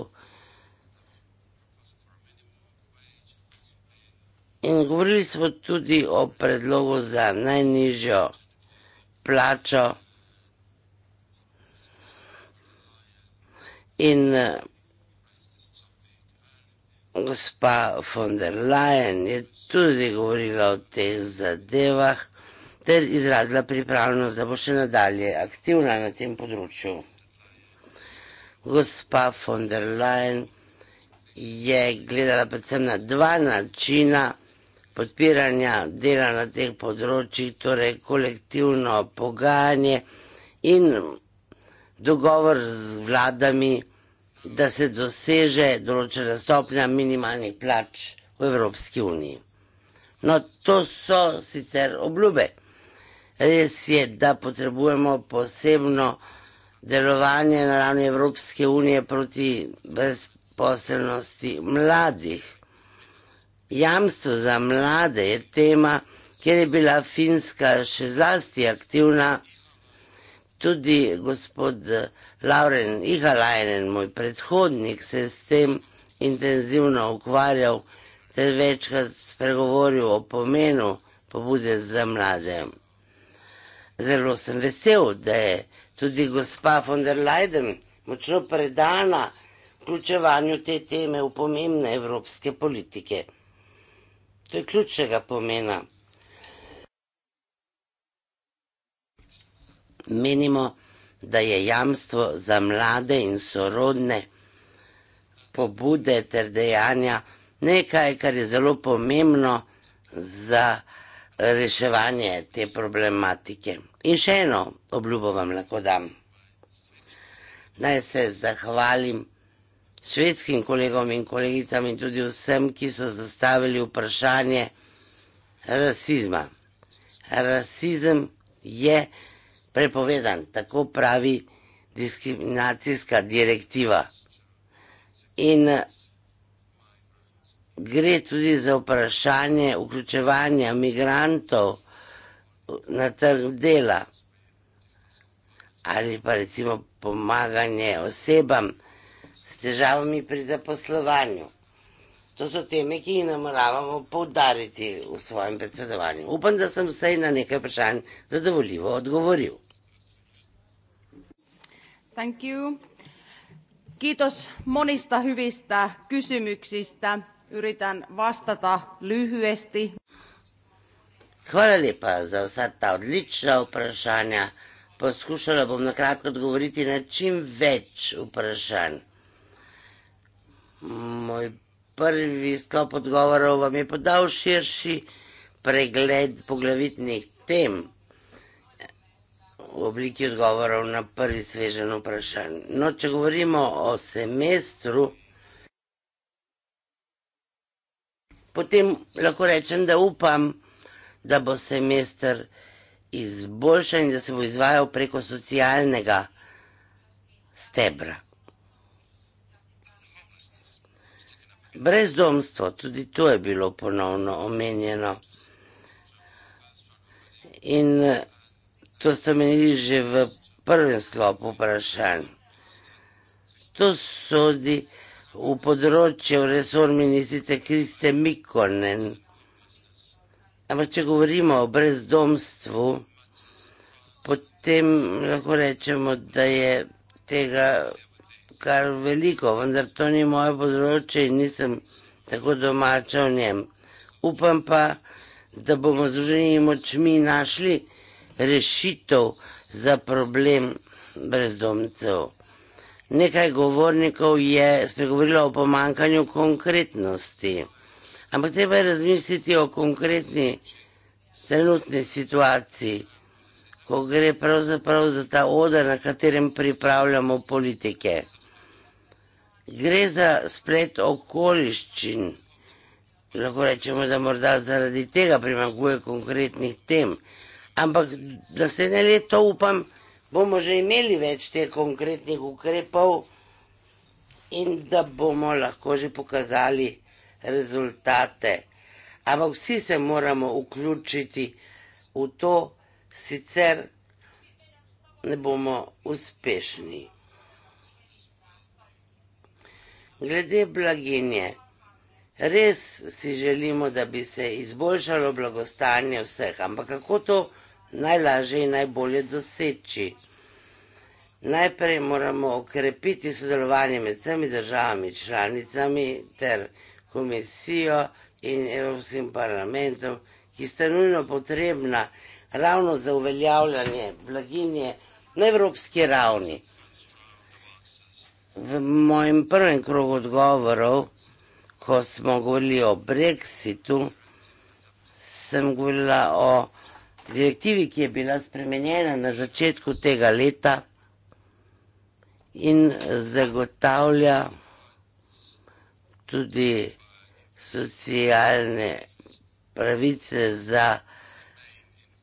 In govorili smo tudi o predlogu za najnižjo plačo in gospa von der Leyen je tudi govorila o teh zadevah ter izrazila pripravljenost, da bo še nadalje aktivna na tem področju gospa von der Leyen je gledala predvsem na dva načina podpiranja dela na teh področjih, torej kolektivno pogajanje in dogovor z vladami, da se doseže določena stopnja minimalnih plač v Evropski uniji. No, to so sicer obljube. Res je, da potrebujemo posebno delovanje na ravni Evropske unije proti brezposelnosti mladih. Jamstvo za mlade je tema, kjer je bila Finska še zlasti aktivna. Tudi gospod Lauren Ihalajnen, moj predhodnik, se je s tem intenzivno ukvarjal ter večkrat spregovoril o pomenu pobude za mlade. Zelo sem vesel, da je tudi gospa von der Leyen močno predana vključevanju te teme v pomembne evropske politike. To je ključnega pomena. Menimo, da je jamstvo za mlade in sorodne pobude ter dejanja nekaj, kar je zelo pomembno za reševanje te problematike. In še eno obljubo vam lahko dam. Naj se zahvalim švedskim kolegom in kolegicam in tudi vsem, ki so zastavili vprašanje rasizma. Rasizem je prepovedan, tako pravi diskriminacijska direktiva. In gre tudi za vprašanje vključevanja migrantov na trg dela ali pa recimo pomaganje osebam s težavami pri zaposlovanju. To so teme, ki jih namoravamo poudariti v svojem predsedovanju. Upam, da sem vsej na nekaj vprašanj zadovoljivo odgovoril. Thank you. Kiitos monista hyvistä kysymyksistä. Yritän vastata lyhyesti. Hvala lepa za vsa ta odlična vprašanja. Poskušala bom na kratko odgovoriti na čim več vprašanj. Moj prvi sklop odgovorov vam je podal širši pregled poglavitnih tem v obliki odgovorov na prvi svežen vprašanj. No, če govorimo o semestru, potem lahko rečem, da upam, da upam, da bo semester izboljšan in da se bo izvajal preko socialnega stebra. Brezdomstvo, tudi to je bilo ponovno omenjeno. In to ste menili že v prvem slopu vprašanj. To sodi v področje v resor ministrice Kriste Mikonen. Ampak, če govorimo o brezdomstvu, potem lahko rečemo, da je tega kar veliko, vendar to ni moje področje in nisem tako domača v njem. Upam pa, da bomo z druženimi močmi našli rešitev za problem brezdomcev. Nekaj govornikov je spregovorilo o pomankanju konkretnosti ampak treba je razmisliti o konkretni trenutni situaciji, ko gre pravzaprav za ta odr, na katerem pripravljamo politike. Gre za splet okoliščin, lahko rečemo, da morda zaradi tega primanjkuje konkretnih tem, ampak za sedem let to upam, bomo že imeli več teh konkretnih ukrepov in da bomo lahko že pokazali, rezultate. Ampak vsi se moramo vključiti v to, sicer ne bomo uspešni. Glede blaginje, res si želimo, da bi se izboljšalo blagostanje vseh, ampak kako to najlažje in najbolje doseči? Najprej moramo okrepiti sodelovanje med vsemi državami, članicami ter državami, komisijo in Evropskim parlamentom, ki sta nujno potrebna ravno za uveljavljanje blaginje na evropski ravni. V mojem prvem krogu odgovorov, ko smo govorili o Brexitu, sem govorila o direktivi, ki je bila spremenjena na začetku tega leta in zagotavlja tudi socialne pravice za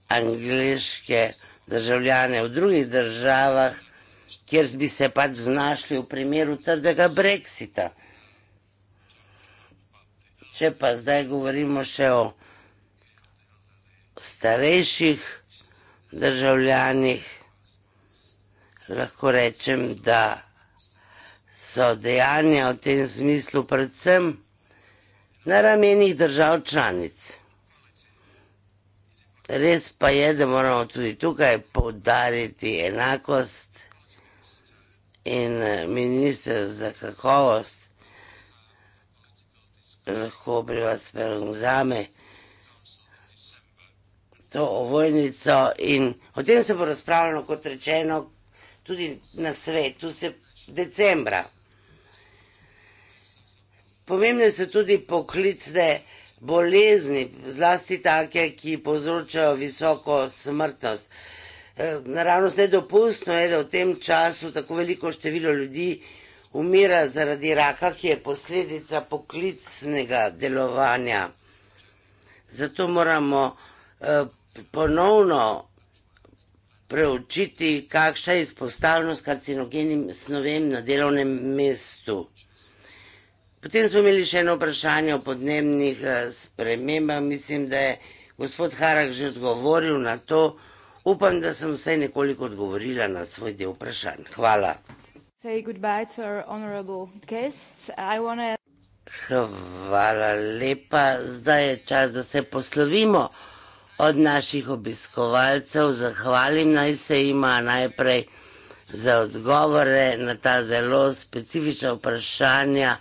angliške državljane v drugih državah, kjer bi se pač znašli v primeru trdega brexita. Če pa zdaj govorimo še o starejših državljanih, lahko rečem, da so dejanja v tem smislu predvsem na ramenih držav članic. Res pa je, da moramo tudi tukaj poudariti enakost in eh, minister za kakovost lahko pri vas prevzame to ovojnico in o tem se bo razpravljalo, kot rečeno, tudi na svetu se decembra. Pomembne so tudi poklicne bolezni, zlasti take, ki povzročajo visoko smrtnost. E, Naravno se dopustno je, da v tem času tako veliko število ljudi umira zaradi raka, ki je posledica poklicnega delovanja. Zato moramo e, ponovno preučiti, kakšna je izpostavljenost karcinogenim snovem na delovnem mestu. Potem smo imeli še eno vprašanje o podnebnih eh, spremembah. Mislim, da je gospod Harak že odgovoril na to. Upam, da sem vsaj nekoliko odgovorila na svoj del vprašanj. Hvala. Hvala lepa. Zdaj je čas, da se poslovimo od naših obiskovalcev. Zahvalim naj se ima najprej za odgovore na ta zelo specifična vprašanja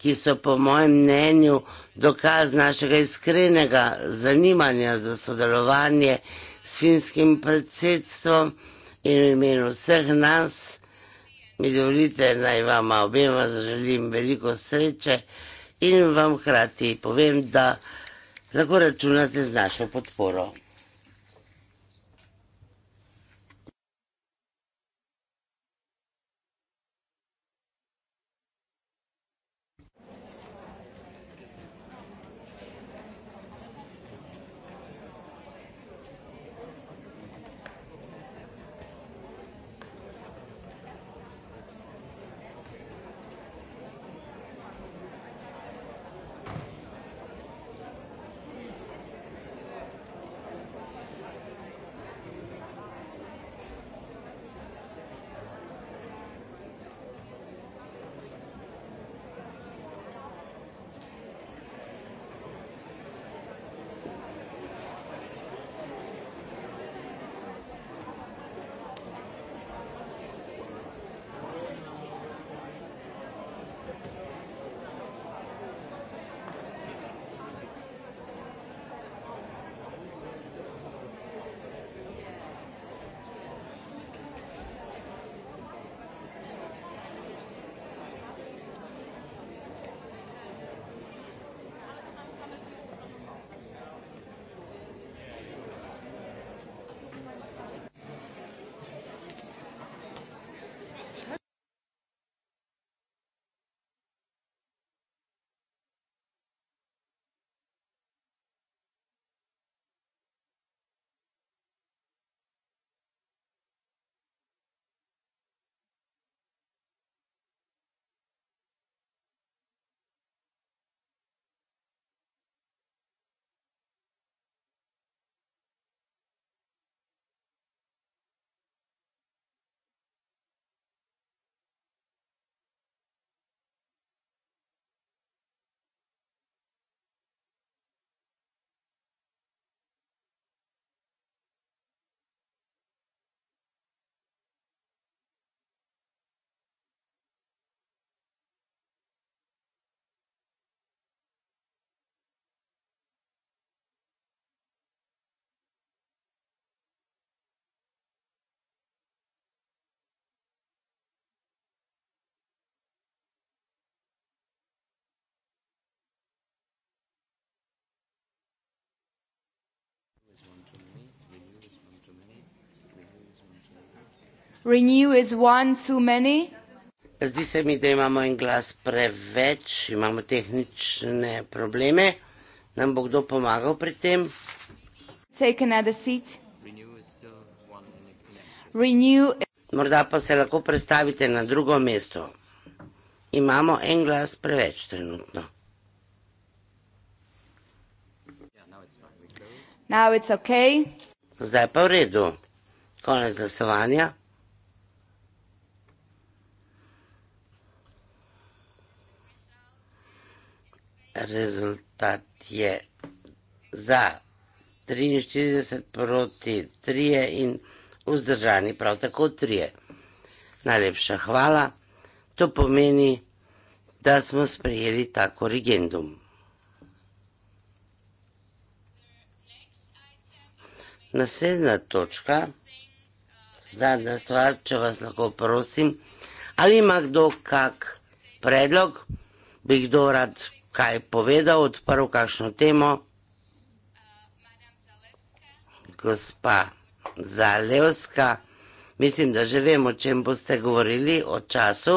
ki so po mojem mnenju dokaz našega iskrenega zanimanja za sodelovanje s finskim predsedstvom in v imenu vseh nas. Mi dovolite, naj vam obema zaželim veliko sreče in vam hkrati povem, da lahko računate z našo podporo. Renew is one too many? Zdi se mi, da imamo en glas preveč, imamo tehnične probleme. Nam bo kdo pomagal pri tem? Take another seat. Renew is the one Renew Morda pa se lahko predstavite na drugo mesto. Imamo en glas preveč trenutno. Now it's okay. Zdaj pa v redu. Konec glasovanja. rezultat je za 43 proti 3 in vzdržani prav tako 3. Najlepša hvala. To pomeni, da smo sprejeli ta korigendum. Naslednja točka, zadnja stvar, če vas lahko prosim, ali ima kdo kak predlog, bi kdo rad kaj povedal, odprl kakšno temo. Gospa Zalevska, mislim, da že vemo, o čem boste govorili, o času.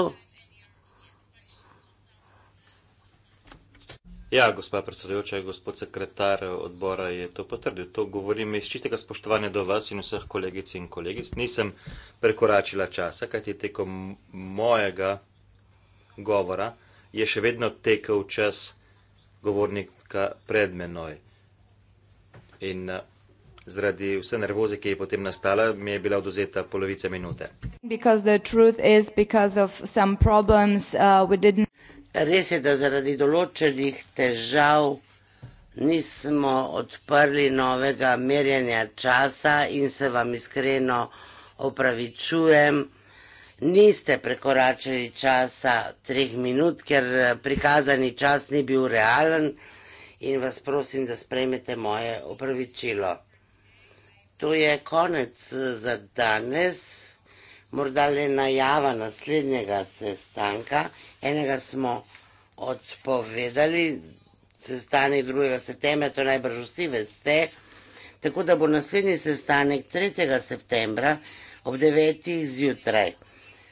Ja, gospa predsedujoča, gospod sekretar odbora je to potrdil. To govorim iz čistega spoštovanja do vas in vseh kolegic in kolegic. Nisem prekoračila časa, kajti tekom mojega govora je še vedno tekel čas govornika pred menoj. In eh, zaradi vse nervoze, ki je potem nastala, mi je bila oduzeta polovica minute. Is, problems, uh, Res je, da zaradi določenih težav nismo odprli novega merjanja časa in se vam iskreno opravičujem niste prekoračili časa treh minut, ker eh, prikazani čas ni bil realen in vas prosim, da sprejmete moje opravičilo. To je konec eh, za danes, morda le najava naslednjega sestanka. Enega smo odpovedali, sestanek 2. septembra, to najbrž vsi veste, tako da bo naslednji sestanek 3. septembra ob 9. zjutraj.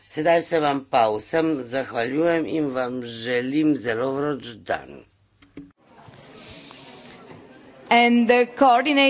Sedaj se vam pa vsem zahvaljujem in vam želim zelo vroč dan.